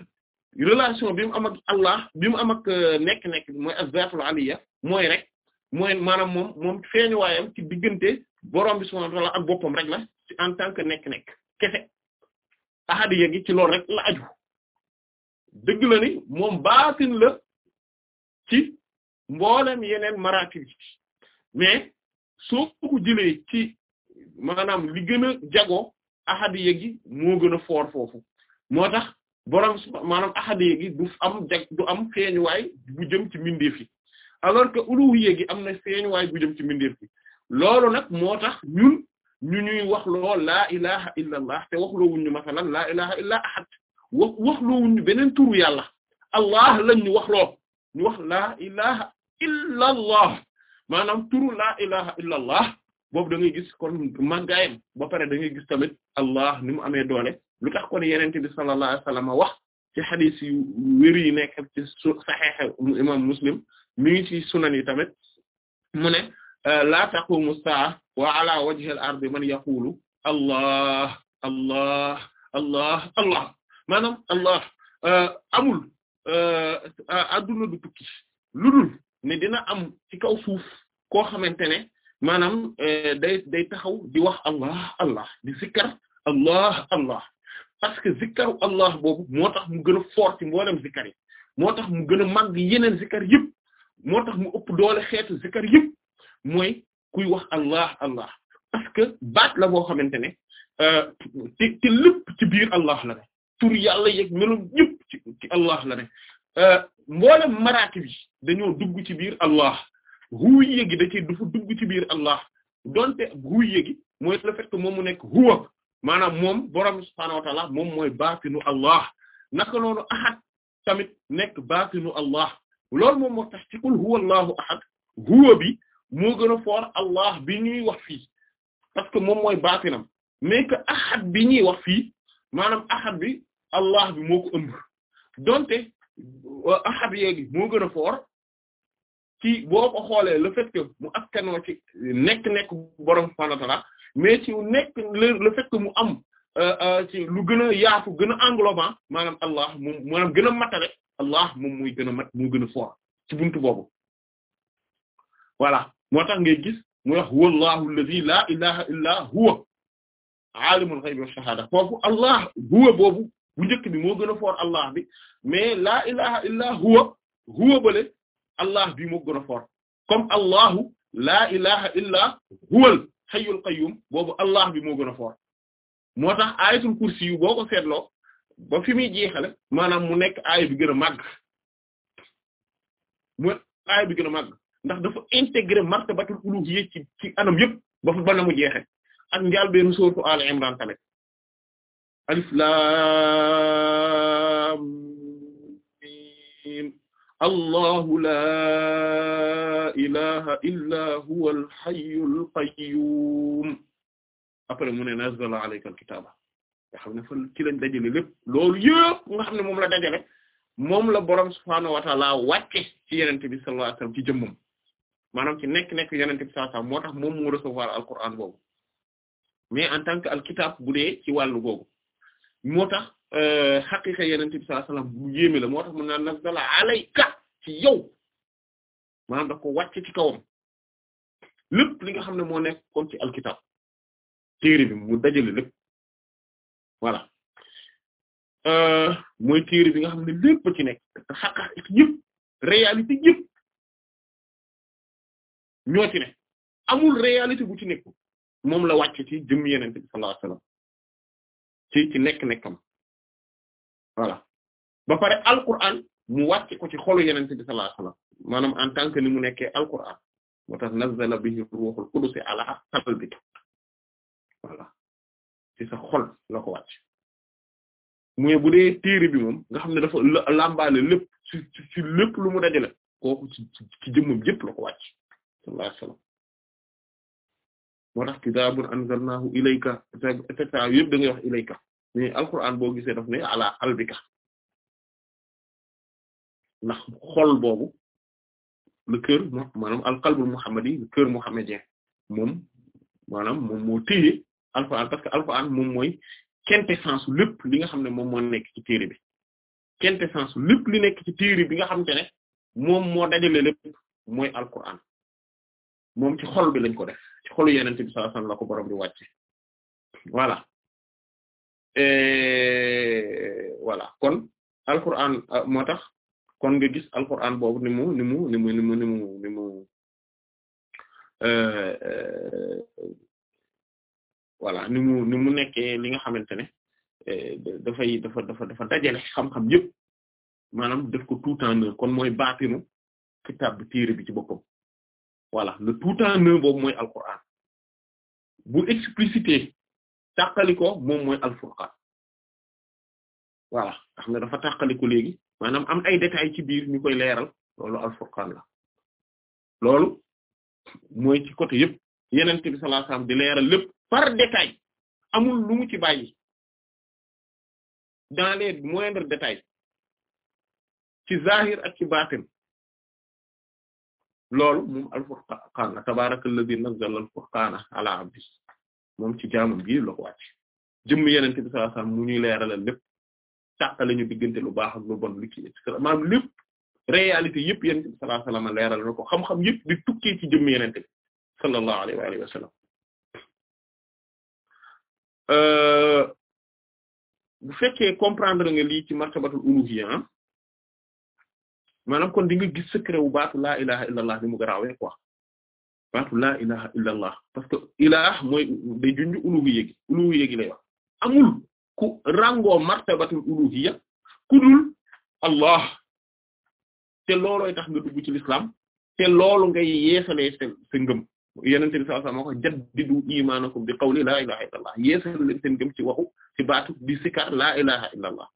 relation bi mu am ak Allah bi mu am ak euh, nekk-nekk bi mooy azzatul aliya mooy rek mooy maanaam moom moom feeñuwaayam ki diggante borom bi subhanahu wa ta'ala boppam rek la en tant que nekk-nekk kese
ahadiya gi ci loolu rek la aju dëgg la ni moom baatin la ci mboolem yeneen maratib mais
soo ko jëlee ci maanaam li gën a jago ahadiya gi moo gën a foor borom maanaam ahadiya gi du am jag du am feeñuwaay bu jëm ci mbindeef yi alors que uluhiyya gi am na feeñuwaay bu jëm ci mbindeef yi loolu nag moo tax ñun ñu ñuy wax loo laa ilaha illa allah te wax loo wuñ ñu laa ilaha illa ahad wax wax loo beneen turu yàlla allah lañ ñu wax loo ñu wax la ilaha illa allah maanaam turu la ilaha illa allah boobu da ngay gis kon màggaayam ba pare da ngay gis tamit allah ni mu amee doole lu tax kon yeneen bi sallallahu alayhi wax ci xadis yu wér yi nekk ci saxiix imam muslim mi ngi ci sunan tamit mu ne euh, laa taqumu saa wa ala wajhi al ardi man yaqulu allah allah allah allah maanaam allah euh, amul euh, adduna du tukki lu dul ne dina am ci kaw suuf koo xamante ne maanaam day day taxaw di wax allah allah di sikkar allah allah parce que zikkaru Allah boobu moo tax mu gën a fort ci mboolem zikkar yi moo tax mu gën a màgg yeneen zikkar yëpp moo tax mu ëpp doole xeetu zikkar yëpp mooy kuy wax Allah Allah parce que baat la boo xamante ne euh, te te lépp ci biir Allah la ne tur yàlla yeeg melo yëpp ci ci Allah la ne euh, mboolem maraatib yi dañoo dugg ci biir Allah ruuy yëgi da ci dafa dugg ci biir Allah donte ruuy yëgi mooy le fait moom mu nekk huwa maanaam moom borom subhaanahu wa moom mooy baatinu Allah naka noonu ahad tamit nekk baatinu Allah loolu moom moo tax ci qul huwa Allahu ahad huwa bi moo gën a foor Allah bi ñuy wax fii parce que moom mooy baatinam mais que bi ñuy wax fii maanaam ahad bi Allah bi moo ko ëmb donte euh, ahad yeegi moo gën a foor ci boo ko xoolee le fait que mu askanoo ci nekk-nekk borom subhaanahu wa mais ci nekk le fait que mu am euh, euh, lu gën a yaatu gën a englobant maanaam allah moom maanaam gën a matale allah moom muy gën a mat mu gën a fort ci buntu boobu voilà moo tax ngay gis mu wax wallahu allazi la ilaha illa huwa allah bi mais la ilaha illa huwa huwa bale allah bi moo gën a fort comme allahu la ilaha illa huwal hayyul qayyum boobu allah bi moo gën foor moo tax ayatul kursi yu boo ko seetloo ba fi jeexale maanaam mu nekk aaya bi gën mu aaya bi gën ndax dafa intégré martabatul uluhiyya ci ci anam yëpp ba fa ba na mu jeexe ak njaal benn sourate tamit alif
lam
allahu la ilaha illa huwa alhayyul qayyum après mu ne nazzala alayka alkitaba nga xam ne fa ci lañ dajale lépp loolu yëpp nga xam ne moom la dajale moom la borom subhaanahu wa ta'ala wàcce ci yenente bi sallallahu alayhi wasallam ci jëmmam maanaam ci nekk-nekk yenente bi sallallahu moo tax moom mu recevoir alquran boobu mais en tant que alkitab bu ci wàllu boobu moo tax Euh, xaqiqa yeneen bi sallallahu bu yéeme la moo tax mu naan nazala
alayka ci yow maanaam daf wàcc ci kawam lépp li nga xam ne moo nekk kon ci alkitab téere bi mu dajale lépp voilà euh, mooy téere bi nga xam ne lépp ci nekk te xaqaaq yëpp réalité yëpp ñoo amul réalité bu ci nekk moom la wàcc ci jëm yeneen bi sallallahu alayhi wasallam ci ci nekk nekkam voilà ba pare alquran mu wàcce
ko ci xolu yenente bi sallallahu alayhi wasallam maanaam en tant ni mu nekkee alquran moo tax nazzala bihi
ruhul qudus ala la bi moom nga ne dafa lambaale lépp ci
ci lépp lu mu dajale moo
tax kitaabun anzalnahu ilayka et cetera yëpp da ngay wax ilayka mais alquran boo gisee daf ne ala albika ndax xool boobu le cœur maanaam alqalbul muhammadi le cœur muhammadien
moom maanaam moom moo téye alquran parce que alquran moom mooy quintessence lépp li nga xam ne moom moo nekk ci téere bi quintessence lépp bi
nga xamante ne moom moo dajale lépp mooy alquran moom ci xol bi lañ ko def ci xolu yenente bi sallallahu alayhi wasallam la ko borom bi wàcce
Eh, voilà kon alquran ah, moo kon nga gis alquran boobu ni mu ni mu ni mu ni mu ni mu ni mu eh, eh, voilà ni li nga xamante ne dafay dafa dafa dafa dajale xam-xam yëpp maanaam def ko tout en
kon mooy baatinu kitaab bi téere bi ci boppam voilà le tout en un boobu mooy alquran bu explicité tàqaliko moom mooy alfurqaan voilà nga xam ne dafa tàqaliko léegi maanaam am ay détails ci biir ñu koy leeral loolu alfurqaan la loolu mooy ci côté yëpp yeneen bi sallallahu di leeral lépp par détail amul lu ci bàyyi dans les moindres détails ci zahir ak ci baatin loolu moom alfurqaan la tabaaraka alladhi nazzala alfurqaana ala abdi moom ci jaamam bii la jëmm yeneen bi sallallahu alayhi
wasallam mu ñuy leeralal lépp tàqale ñu diggante lu baax ak lu bon li ci et lépp
réalité yëpp yeneen bi sallallahu alayhi wasallam leeral na ko xam-xam yëpp di tukkee ci jëmm yeneen bi sallallahu alayhi wa alihi wasallam bu fekkee comprendre nga lii ci martabatul uluhiyya
maanaam kon di nga gis secret wu baatu laa ilaha illallah ni mu garaawee quoi baatu ilaha illa parce que ilaah mooy day junj uluhiyya gi uluhiyya gi lay wax amul ku rangoo martabatul uluhiyya ku dul allah te loolooy tax nga dugg ci l'islam te loolu ngay yeesalee sa sa ngëm yenente bi sallallahu alayhi ilaha illa allah yeesal leen ci waxu ci baatu di sikar laa ilaha illa allah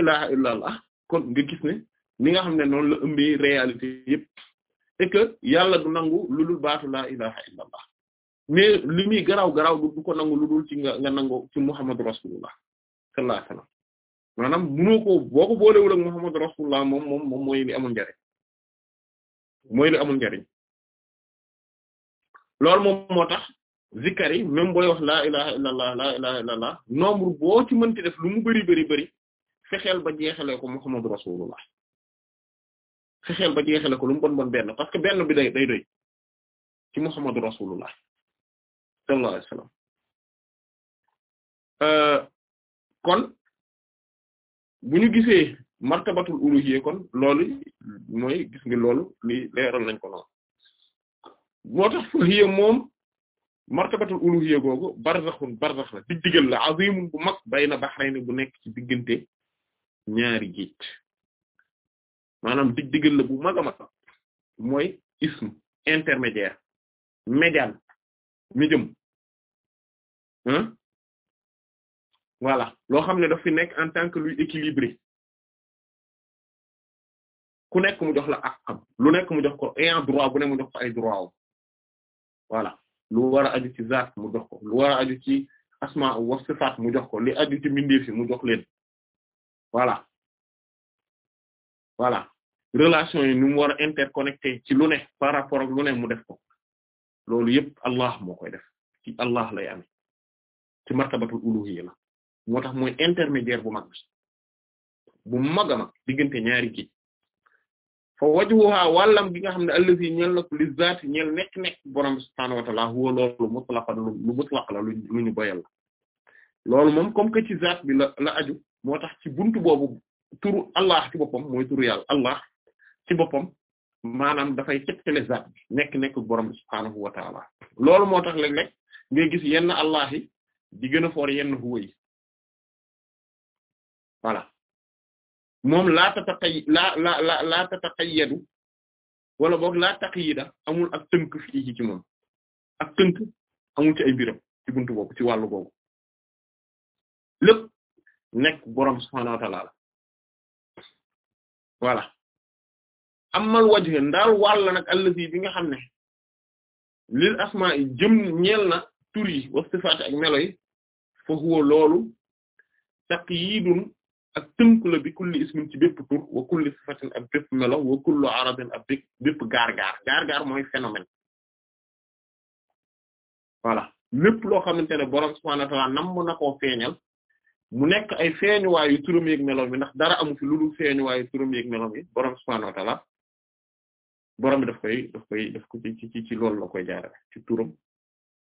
ilaha illa kon nga gis ne ni nga xam ne noonu la ëmbee réalité yëpp et yàlla du nangu lu dul baatu laa ilaha illallah mais li muy garaaw garaaw du ko nangu lu dul ci nga nangu ci muhammadu
rasulullah sallallahu alayhi wasallam maanaam munoo ko boo ko boolewul ak muhammadu rasulullah moom moom moom mooy li amul njariñ mooy li amul njariñ loolu moom moo tax zikkar yi même booy wax laa ilaha illallah laa ilaha illallah
nombre ci mënti def lu mu bari bari bari fexeel ba jeexalee ko muhammadu rasulullah
fexeel ba jeexale ko lu mu bon bon benn parce que benn bi day day doy ci Muhammadu Rasulullah sallallahu euh, kon bu ñu gisee martabatul uluhiyya kon
loolu mooy gis nga loolu li leeral nañ ko noonu moo tax fahiya moom martabatul uluhiyya googu barzaxun barzax la digdigal la azimun bu mag bayna bahrayni bu nekk ci diggante ñaari géej
maanaam dig digal la bu mag a mag mooy ism intermédiaire médiane mi jëm hein loo xam ne daf fi nekk en tant que luy équilibré ku nekk mu jox la ak xam lu nekk mu jox ko ayant droit bu ne mu jox ko ay droit am voilà lu war a aju ci zaat mu jox ko lu war a ci asma wa sifaat mu jox ko li aju ci mbindeef yi mu jox leen voilà voilà relation yi nu mu war a interconnecté ci lu ne par rapport ak lu mu def ko
loolu yëpp Allah moo koy def ci Allah lay amee ci martabatul uluhiyya la moo tax mooy intermédiaire bu mag bu mag mag diggante ñaari kii fa wajhuha wàllam bi nga xam ne allazi ñeel na ko li zaat ñeel nekk-nekk borom subhaanahu wa ta'ala huwa loolu mutlaqan lu la lu ñu boyal la loolu moom comme que ci zaat bi la la aju moo tax ci buntu boobu turu Allah ci boppam mooy turu yàlla Allah ci boppam maanaam dafay cëttale zaat bi nekk nekk borom bi subhaanahu wa
taala loolu moo tax léeg-léeg ngay gis yenn allah yi di gën a foor yenn huwa yi voilà moom laa tataqay laa la la laa tataqayyadu wala boog laa taqyida amul ak tënk fii ci moom ak amul ci ay biram ci buntu boobu ci wàllu boobu lépp nekk borom subhaanahu wa taala voilà amal wajh ndaal wàll nag allazi bi nga xam ne lil asmaa yi jëm ñeel na tur wa sifaat ak melo yi fa huwa loolu
taqyidun ak tënku la bi kulli ismin ci bépp tur wa kulli sifatin ak bépp melo wa kullu arabin ak bépp bépp gaar-gaar gaar-gaar mooy phénomène voilà lépp loo xamante ne boroom subhaanahu nam na koo feeñal mu nekk ay feeñuwaayu turam yeeg meloom yi ndax dara amu fi lu dul feeñuwaayu turam yeeg meloom yi
boroom subhaanahu wa ta'aala borom bi daf koy daf koy daf ko ci ci ci loolu la koy jaarale ci turam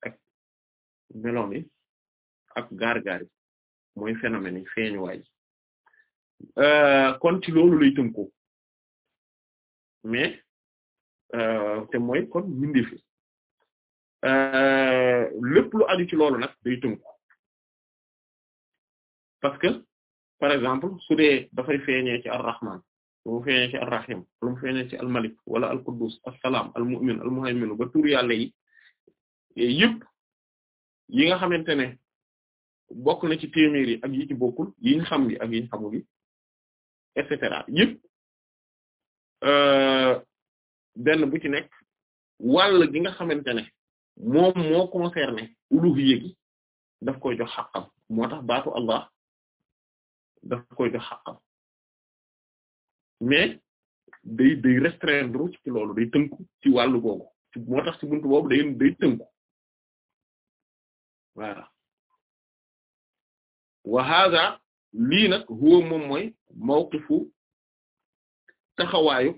ak meloom ak gaar-gaar yi mooy phénomène yi feeñuwaay euh, kon ci loolu lay tënku mais euh, te mooy kon mindi fi euh, lépp lu aju ci loolu nag day tënku par exemple su dafay feeñee ci ar-Rahman bu mu
ci ar-Rahim bu mu ci al-Malik wala al-Quddus as-Salaam al-Mu'min al-Muhaymin ba tur yàlla yi
yëpp yi nga xamante ne bokk na ci téeméer yi ak yi ci bokkul yi ñu xam bi ak yi ñu bi et cetera yëpp euh, benn bu ci nekk wàll gi nga xamante ne moom moo concerné uluhiyya gi daf koy jox xaqam moo tax Allah daf koy jox xaqam. mais day day restreindre loolu day tënku ci wàllu boobu ci moo tax ci buntu boobu day day tënku voilà wa hadha lii nag huwa moom mooy mawqifu
taxawaayu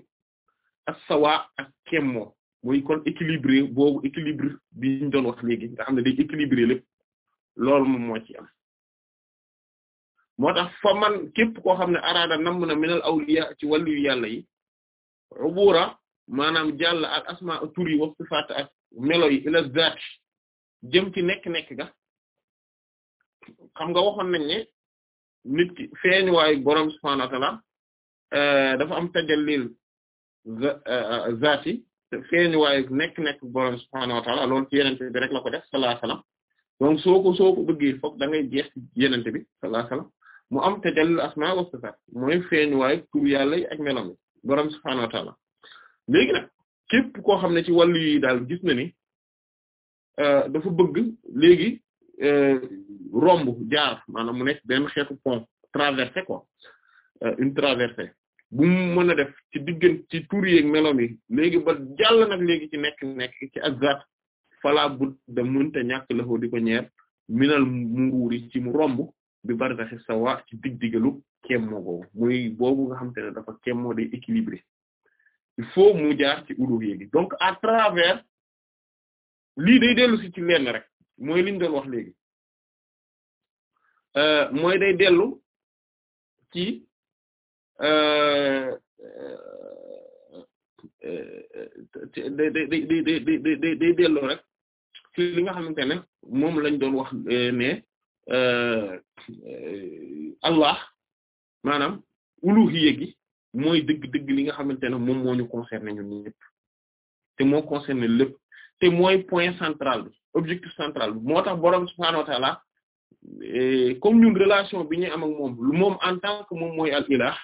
as-sawa ak kemmo mooy kon équilibré boobu équilibre bi ñu doon wax léegi nga xam ne day équilibré lépp loolu moom moo ci moo tax fa man koo xam ne araada namm na minal awliya ci wàllu yàlla yi ubura maanaam jàll al asma tur yi wa sifaat ak melo
yi ila zaat jëm ci nekk-nekk ga xam nga waxoon nañ ne nit ki feeñ waayu boroom subhaanahu wa ta'aala eh, dafa am
tajallil eh, zaat yi feeñ waayu nekk-nekk boroom subhaanahu wa ta'aala loolu la ko def sallallahu alayhi wa sallam donc soo ko soo jeex ci yenente bi sallallahu alayhi mu am tajallil asmaa wa mooy feeñ waaye tur yàlla yi ak melam borom subhaanahu wa ta'aala léegi nag képp koo xam ne ci wàllu yi daal gis na ni euh, dafa bëgg léegi euh, romb jaar maanaam mu nekk benn xeetu pont traversé quoi euh, une traversée
bu mu
def ci diggante ci tur yeeg melam yi léegi ba jàll nag léegi ci nekk nekk ci azat fala bu da mënta ñàkk la di ko ñeer minal muruuri ci mu romb. bi barzaxi sawa ci digdigalu kemmoo boobu muy boobu nga xam te ne dafa kemmoo day
équilibré il faut mu jaar ci uluhiyya gi donc à travers lii day dellu si ci lenn rek mooy liñ doon wax léegi euh, mooy day dellu ci day
rek li nga xamante ne lañ doon wax euh, ne Euh, euh, Allah maanaam uluhiyya gi mooy dëgg-dëgg li nga xamante ne moom moo ñu concerné ñun ñëpp te moo concerné lépp te mooy point central bi objectif central moo tax boroom subhaanahu wa ta'ala eh, comme ñun relation bi ñuy am ak moom moom en tant moom mooy al ilah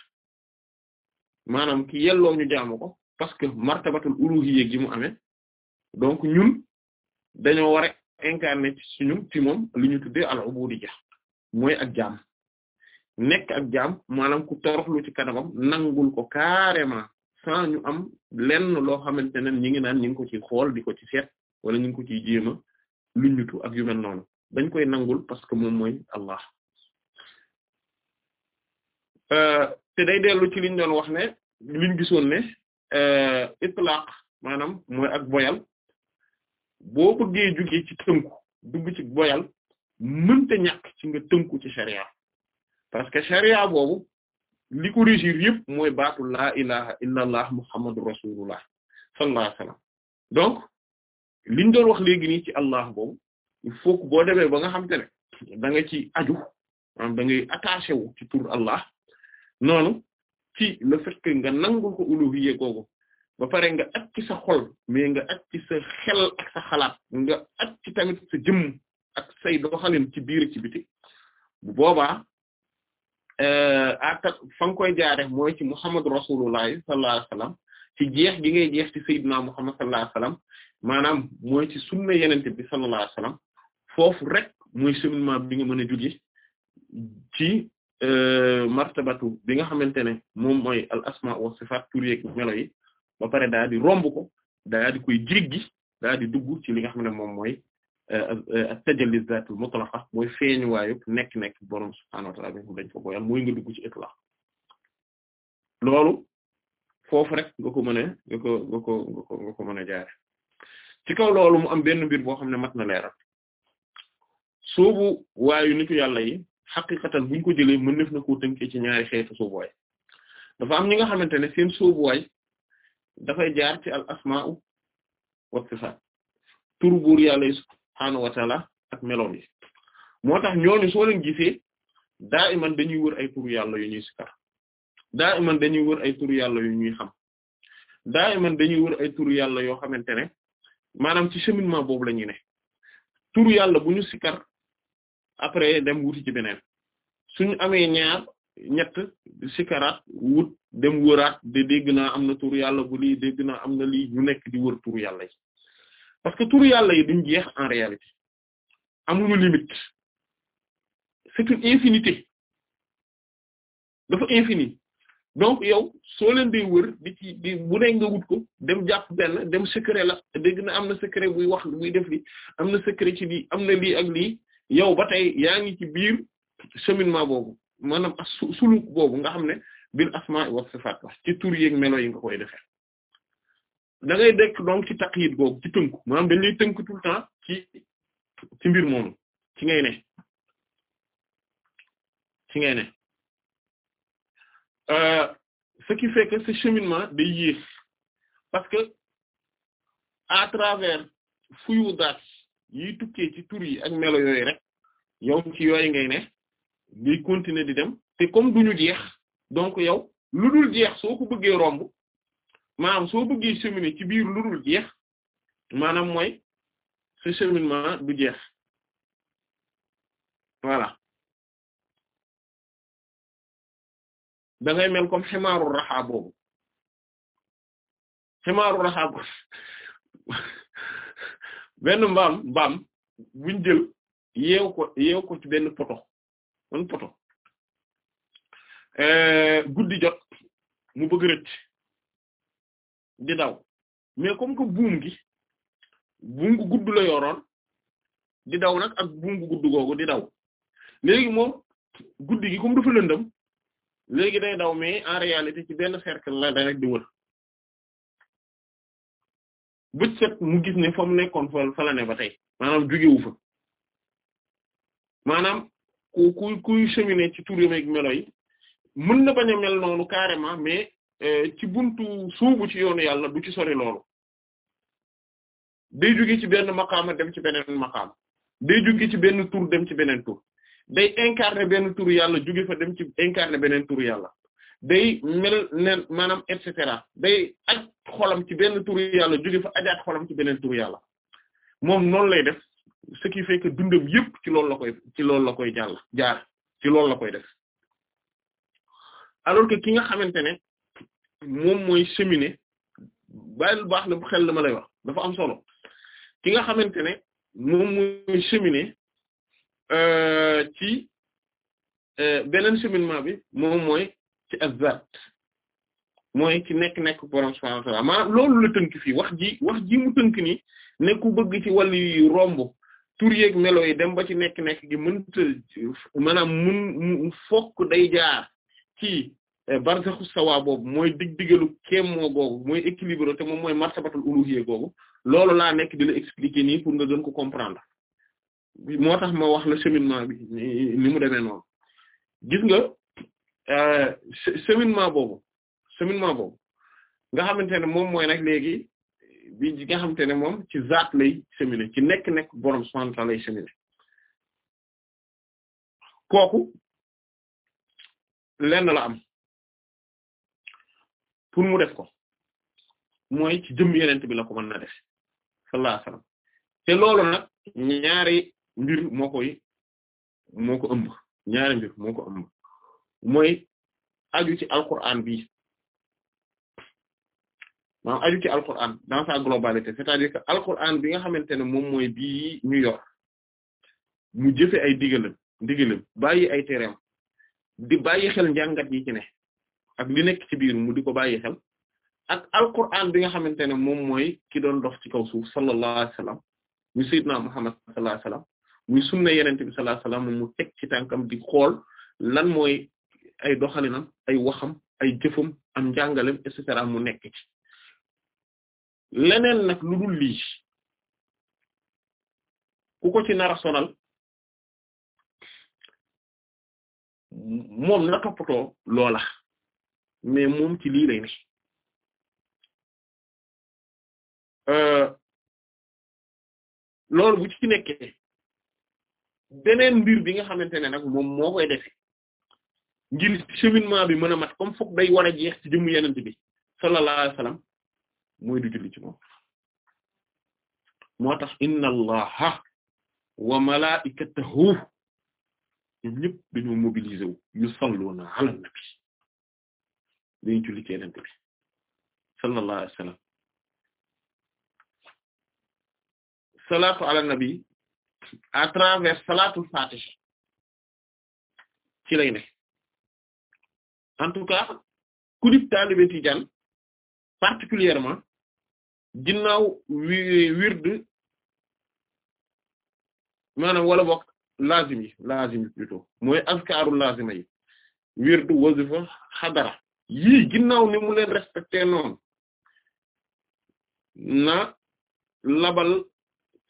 maanaam ki yelloo ñu jaamu ko parce que martabatul uluhiyya gi mu amee donc ñun dañoo war incarné ci suñu ci moom li ñu tuddee al ubudiyya mooy ak jaam nekk ak jaam maanaam ku toroxlu ci kanamam nangul ko carrément sans ñu am lenn loo xamante ne ñi ngi naan ñi ngi ko ci xool di ko ci seet wala ñu ngi ko ciy jéema lu ñutu ak yu mel noonu dañ koy nangul parce que moom mooy Allah euh, te day dellu ci liñ doon wax ne liñ gisoon ne euh, itlaq maanaam mooy ak boyal boo bëggee jugee ci tënku dugg ci boyal mënta ñàkk ci nga tënku ci sharia parce que sharia boobu li ko régir yëpp mooy baatu la ilaha illa allah muhammadu rasulullah sallallahu alayhi wasallam donc liñ doon wax léegi nii ci allah boobu il faut que boo demee ba nga xam te ne ci aju maanaam da ngay attaché wu ci tur allah noonu ci le fait que nga nangul ko uluhiyya googu ba pare nga aj ci sa xol mais nga aj ci sa xel ak sa xalaat nga aj tamit sa jëmm ak say doxalin ci biir ci biti bu boobaa euh, ata fa nga koy jaare mooy ci Muhammad rasulullah sallallahu alayhi ci jeex gi ngay jeex ci sayyidina Muhammad sallallahu alayhi wasallam maanaam mooy ci sunna yenente bi sallallahu alayhi foofu rek mooy cheminement bi nga mën a jóge ci euh, martabatu bi nga xamante ne moom mooy al asma wa sifat tur yeeg melo yi ba pare daal di romb ko daal koy jéggi daal di dugg ci li nga xam ne moom mooy euh, euh, at-tajalli zatul mutlaqa mooy feeñuwaayu nekk-nekk borom subhaanahu wa ta'aala mooy nga dugg ci itlaq loolu foofu rek nga ko mën nga ko nga ko nga mën a jaar ci kaw loolu mu am benn mbir boo xam ne mat na leeral soobu waayu nitu yàlla yi xaqiqatan buñ ko jëlee mën def na koo tënkee ci ñaari xeetu soobuwaay dafa am ñi nga xamante ne soobu soobuwaay dafay jaar ci al asmaa'u wa sifaat turu buur yàlla subhaanahu wa taala ak meloom yi moo tax ñooñu soo leen gisee daa iman dañuy wër ay turu yàlla yu ñuy sikar daa dañuy wër ay turu yàlla yu ñuy xam daa iman dañuy wër ay tur yàlla yoo xamante ne maanaam ci cheminement boobu la ñuy ne tur yàlla bu ñu sikar après dem wuti ci beneen amee ñaar ñett sikaraat wut dem wëraat de dégg naa am na tuur yàlla bu lii dégg naa am na lii ñu nekk di wër tur yàlla yi
parce que tur yàlla yi duñ jeex en réalité amuñu limite c'est une infinité dafa infini donc yow soo leen di
wër di ci di bu ne nga wut ko dem jàpp benn dem secret la dégg na am na secret buy wax buy def li am na secret ci lii am na lii ak lii yow ba tey yaa ngi ci biir cheminement boobu maanaam as suluk boobu nga xam ne bil asmaa wa sifaat wax ci tur yeeg melo yi nga koy defee da ngay dekk donc ci taqyid boobu ci
ci ci mbir moomu ci euh, parce que à travers
fuyu daat yiy tukkee ci tur yi ak melo yooyu rek yow ci yooyu ngay ngay continuer di dem te comme duñu jeex donc yow lu dul jeex soo ko bëggee romb maanaam soo bëggee cheminer ci biir lu dul jeex maanaam mooy
ce cheminement du jeex voilà da mel comme ximaaru raxaa boobu ximaaru raxaa
benn mbaam mbaam buñ jël yeew ko yeew ko ci benn poto
un poto euh, guddi jot mu bëgg di daw mais comme que buum gi buum gu gudd la yoroon di daw nag ak buum gu gudd googu di daw léegi moom guddi gi comme dafa lëndëm léegi day daw mais en réalité ci benn cercle la day rek di wër bët set mu gis ne fa mu nekkoon fa ba tey maanaam jugewu fa maanaam ku ku
kuy cheminer ci tur yeeg melo yi mën na bañ mel noonu carrément mais euh, ci buntu suubu ci yoonu yàlla du ci sori loolu day jóge ci benn maqaama dem ci beneen maqaam day jóge ci benn tur dem ci beneen tur day incarner benn tur yàlla jóge fa dem ci incarner beneen tur yàlla day mel nen maanaam et cetera day aj xolam ci benn tur yàlla jóge fa ajaat xolam ci beneen tur yàlla moom noonu lay def ce qui fait que dundam yëpp ci lool la koy ci loolu la koy jàll jaar ci loolu la koy def alors que ki nga xamante ne moom mooy cheminer bàyyi lu baax la bu xel la ma lay wax dafa am solo ki nga xamante ne moom mooy cheminer euh, ci euh, beneen cheminement bi moom mooy ci mooy ci nekk-nekk borom subhanahu wa loolu la tënk fii wax ji wax ji mu tënk ni ne ku bëgg ci wàllu romb tur yeeg melo yi dem ba ci nekk-nekk gi mënta maanaam mun fok day jaar ci eh, barzaxu sawa boobu mooy dig-digalu kéemoo googu mooy équilibre te moom mooy martabatul uluhiyya googu loolu laa nekk di la expliquer nii pour nga gën ko comprendre moo tax ma wax la seminement bi ni mu demee noonu gis nga seminement eh, boobu cheminement boobu nga xamante ne moom mooy nag léegi bi nga xamante ne moom ci zaat lay cheminer
ci nekk-nekk boroom subhanahu lay cheminer kooku lenn la am pour mu def ko mooy ci jëm yenent bi la ko mën na def sallallahu
te loolu nag ñaari mbir moo koy moo ko ëmb ñaari mbir moo ko ëmb mooy aju ci alquran bi maanaam aju ci alquran dans sa globalité cest dire que alquran bi nga xamante ne moom mooy bii ñu yor mu jëfe ay digalam digalam bàyyi ay tereem di bàyyi xel njàngat yi ci ne ak li nekk ci biir mu di ko bàyyi xel ak alquran bi nga xamante ne moom mooy ki doon dox ci kaw suuf sallallahu alayhi wasallam mu teg ci tànkam di xol lan mooy ay doxalinam ay waxam ay jëfam am njàngalem et cetera
mu nekk ci leneen nag lu dul lii ku ko ci nara sonal moom na toppatoo loola mais moom ci lii lay ne euh, loolu bu ci nekkee beneen mbir bi nga xamante ne nag moom moo koy
defe ngir cheminement bi mën a mat comme foog day war a jeex ci jëmu yenent bi sallallahu alayhi mooy di julli ci moom moo tax
inna allaha wa malaa'ikatahu ñun ñëpp dañoo mobiliser wu yusalluuna ala nabi dañu julli ci yonent bi sallallahu wa sallam salaatu ala nabi à travers salaatul fatiha ci lay en tout cas ku dib taalibe Tijaan particulièrement ginnaaw eh, wird maanaam wala bokk laazim yi plutôt mooy
askaaru laazima yi wird wazifa xadara yii ginnaaw ni mu leen respecté
noonu na labal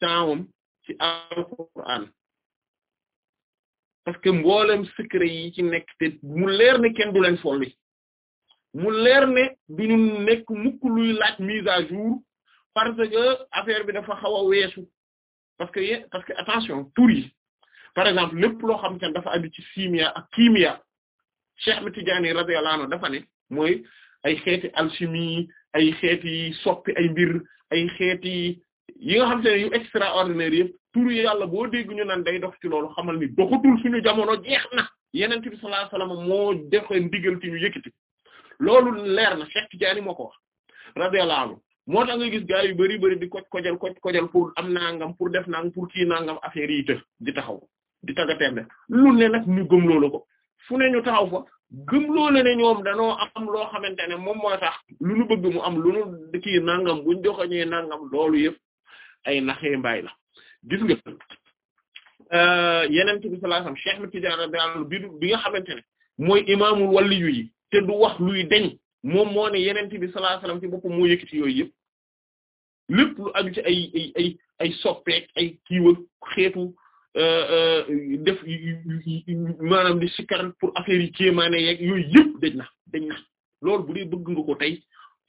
taawam ci alquran parce que mboolem
secret yi ci nekk te mu leer ne kenn du leen folli mu leer ne duñu nekk mukk luy laaj mise à jour parce que affaire bi dafa xaw a weesu parce que parce que attention tur par exemple lépp loo xam te dafa aju ci chimia ak kimia Cheikh Ahmed Tidiane radiyallahu anhu dafa ne mooy ay xeeti alchimie ay xeeti soppi ay mbir ay xeeti yi nga xam te ne yu extraordinaire yëpp tur yi yàlla boo dégg ñu naan day dox ci loolu xamal ni doxatul suñu jamono jeex na yeneen bi sallallahu alayhi wasallam moo joxe ndigal ci ñu yëkkati loolu leer na Cheikh Tidiane moo ko wax moo tax nga gis gars yu bari bari di koj kojal koj kojal pour am nangam pour def nangam pour ki nangam affaire yi të di taxaw di taggateem ne lu ne nag ñu gëm loola ko fu ne ñu taxaw fa gëm loola ne ñoom danoo am loo xamante ne moom mooy tax lu bëgg mu am lu nu kii nangam buñ joxoñee nangam loolu yëpp ay naxee mbaay la gis nga euh, yeneen bi sallallahu alayhi wasallam Cheikh Tidiane bi nga xamante ne mooy imaamul walli yi te du wax luy deñ moom moo ne yenent bi sallallahu alayhi wasallam ci boppam moo yëkkati yooyu yëpp lépp lu ay ay ay ay soppeek ay kiiwa xeetu euh, euh, def maanaam di sikkar pour affaire yi kéemaane yeeg yooyu yëpp dañ na dañ na loolu bu dee bëgg ko tey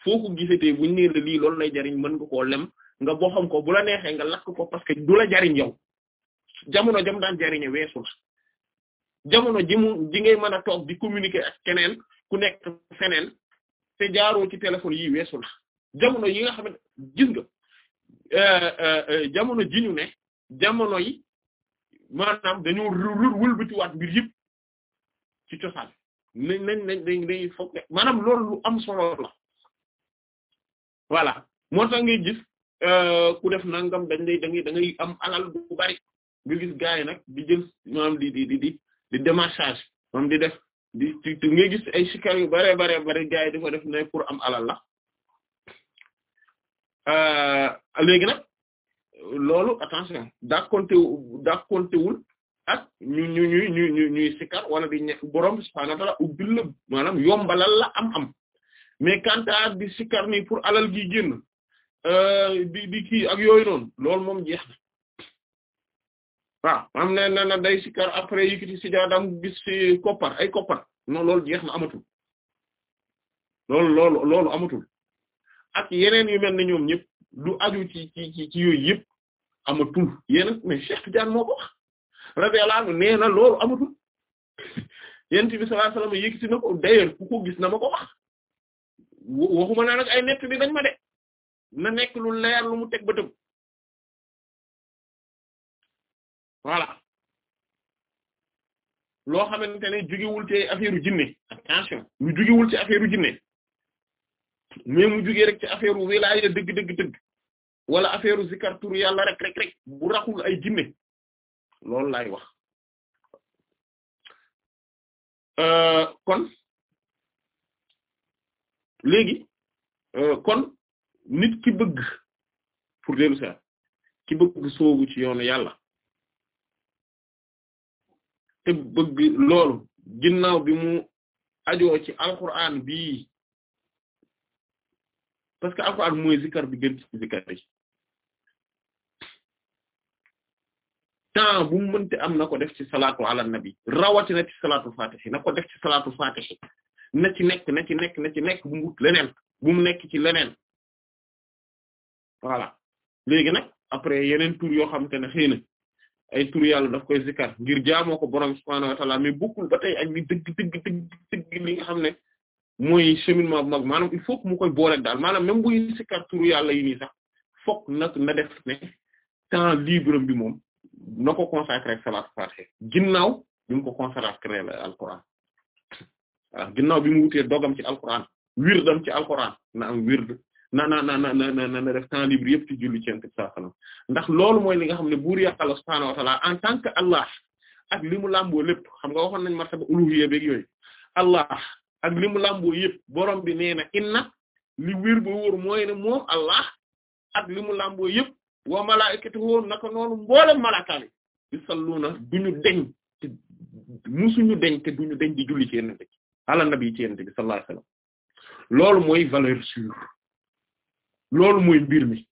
foo ko gisatee buñ nee la lii loolu lay jariñ mën nga koo lem nga boo xam ko bu la neexee nga lakk ko parce que du la jariñ yow jamono jam daan jariñe weesu la jamono ji mu ji ngay mën a toog di communiquer ak keneen ku nekk feneen te jaaroo ci téléphone yi weesu na jamono yi nga xam ne gis nga euh, euh, euh, jamono ji ñu ne jamono yi maanaam dañoo wëlbatiwaat mbir yëpp ci cosaan nañ nañ nañ dañ dañ foog ne maanaam loolu lu am solo la voilà moo tax ngay gis ku def nangam dañ da ngay da am alal bu bari nga gis gars yi nag di jël maanaam di di di di di démarchage maanaam di def di di nga gis yu bare bare bare gars yi di ko def pour am alal la euh, léegi nag loolu attention dàqonte dàqontewul ak ñu ñu ñu ñu ñu ñuy sikar wala di ñe borom subhaanahu wa ta'aala ubbil la maanaam yombalal la am-am mais kantaar di sikar nii pour alal gi génn euh, di di kii ak yooyu noonu loolu moom jeex waaw am ne na na day sikkar après yikiti si jaadam gis fi koppar ay koppar non loolu jeex na amatul loolu loolu loolu amatul ak yeneen yu mel ne ñoom ñëpp du aju ci ci ci yooyu yëpp amatul yeneen mais Cheikh Tidiane moo ko wax radiyallahu anhu nee na loolu amatul
yent bi sallallahu alayhi wasallam yëkkati na ko d'ailleurs ku ko gis na ma ko wax waxuma naa nag ay nett bi dañ ma de na nekk lu leer lu mu teg ba tëb voilà loo xamante ne jugewul ci affaire jinne attention lu jugewul ci affaire jinne
mais mu jugee rek ci affaire wilaaya dëgg dëgg dëgg wala affaire zikar turu yàlla rek rek rek
bu raxul ay jinne loolu laay wax euh, kon léegi euh, kon nit ki bëgg pour dellu sa ki bëgg soobu ci yoonu yàlla te bëgg loolu ginnaaw bi mu ajoo ci alquran bii
parce que alquran mooy zikar bi gën ci zikar temps bu mu am na ko def ci salaatu ala nabi rawati na ci salaatul fatihi na ko def ci salaatul fatihi na ci nekk na ci nekk na ci nekk bu mu wut leneen bu mu nekk ci leneen voilà léegi nag après yeneen tur yoo xamante ne xëy ay tur yàlla daf koy zikkar ngir jaamoo ko borom subhaanahu wa ta'ala mais bokkul ba tey ak ni dëgg dëgg dëgg dëgg li nga ne mooy cheminement bu mag maanaam il faut que mu daal maanaam même buy zikkar turu yàlla yi nii sax fokk nag na def ne temps libre bi moom na ko consacrer salaat fatiha ginnaaw bi mu ko consacrer alquran waaw ginnaaw bi mu wutee dogam ci alquran wirdam ci alquran na am wird na na na na na na temps libre yëpp ci julli ci yonent ndax loolu mooy li nga xam ne buur yàlla subhaanahu wa en tant que Allah ak li mu làmboo lépp xam nga waxoon nañ martaba uluhiyya beeg yooyu Allah ak li mu làmboo yëpp borom bi nee na inna li wér ba wóor mooy Allah ak li mu làmboo yëpp wa malaa'ikatuhu naka noonu mboolem malaakaali yusalluuna duñu deñ te musuñu deñ te duñu deñ di julli ci yonent bi ala nabi ci yonent bi sallallahu alayhi mooy valeur sûre
loolu mooy mbir mi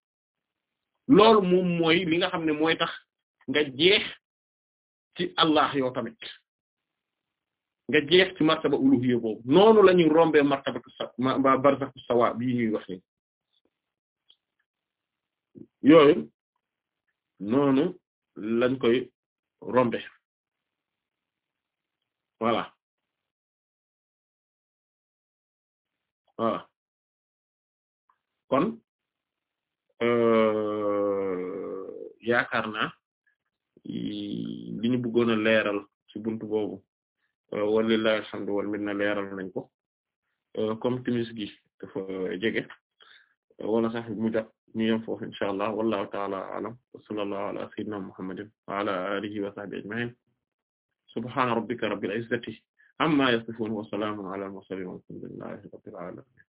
loolu moom mooy li nga xam ne mooy tax nga jeex ci allax yow tamit nga jeex ci martaba uluhiyya boobu noonu la ñuy rombee martabatu sa barzaxu sawa
bii ñuy wax ni yooyu noonu lañ koy rombe voilà voilà kon Euh,
yaakaar naa li ñu bëggoon a leeral ci buntu boobu euh, walillahi alhamdu wal na leeral nañ ko euh, comme timis gi dafa jege wala sax mu jàpp ñu yem foofu incha allah wallahu taala alam wa sallallahu ala sayyidina muhammadin wa ala alihi wa sahbihi ajma'in subhana rabbika rabbil izzati amma yasifun wa salamun ala al mursalin walhamdulillahi rabbil alamin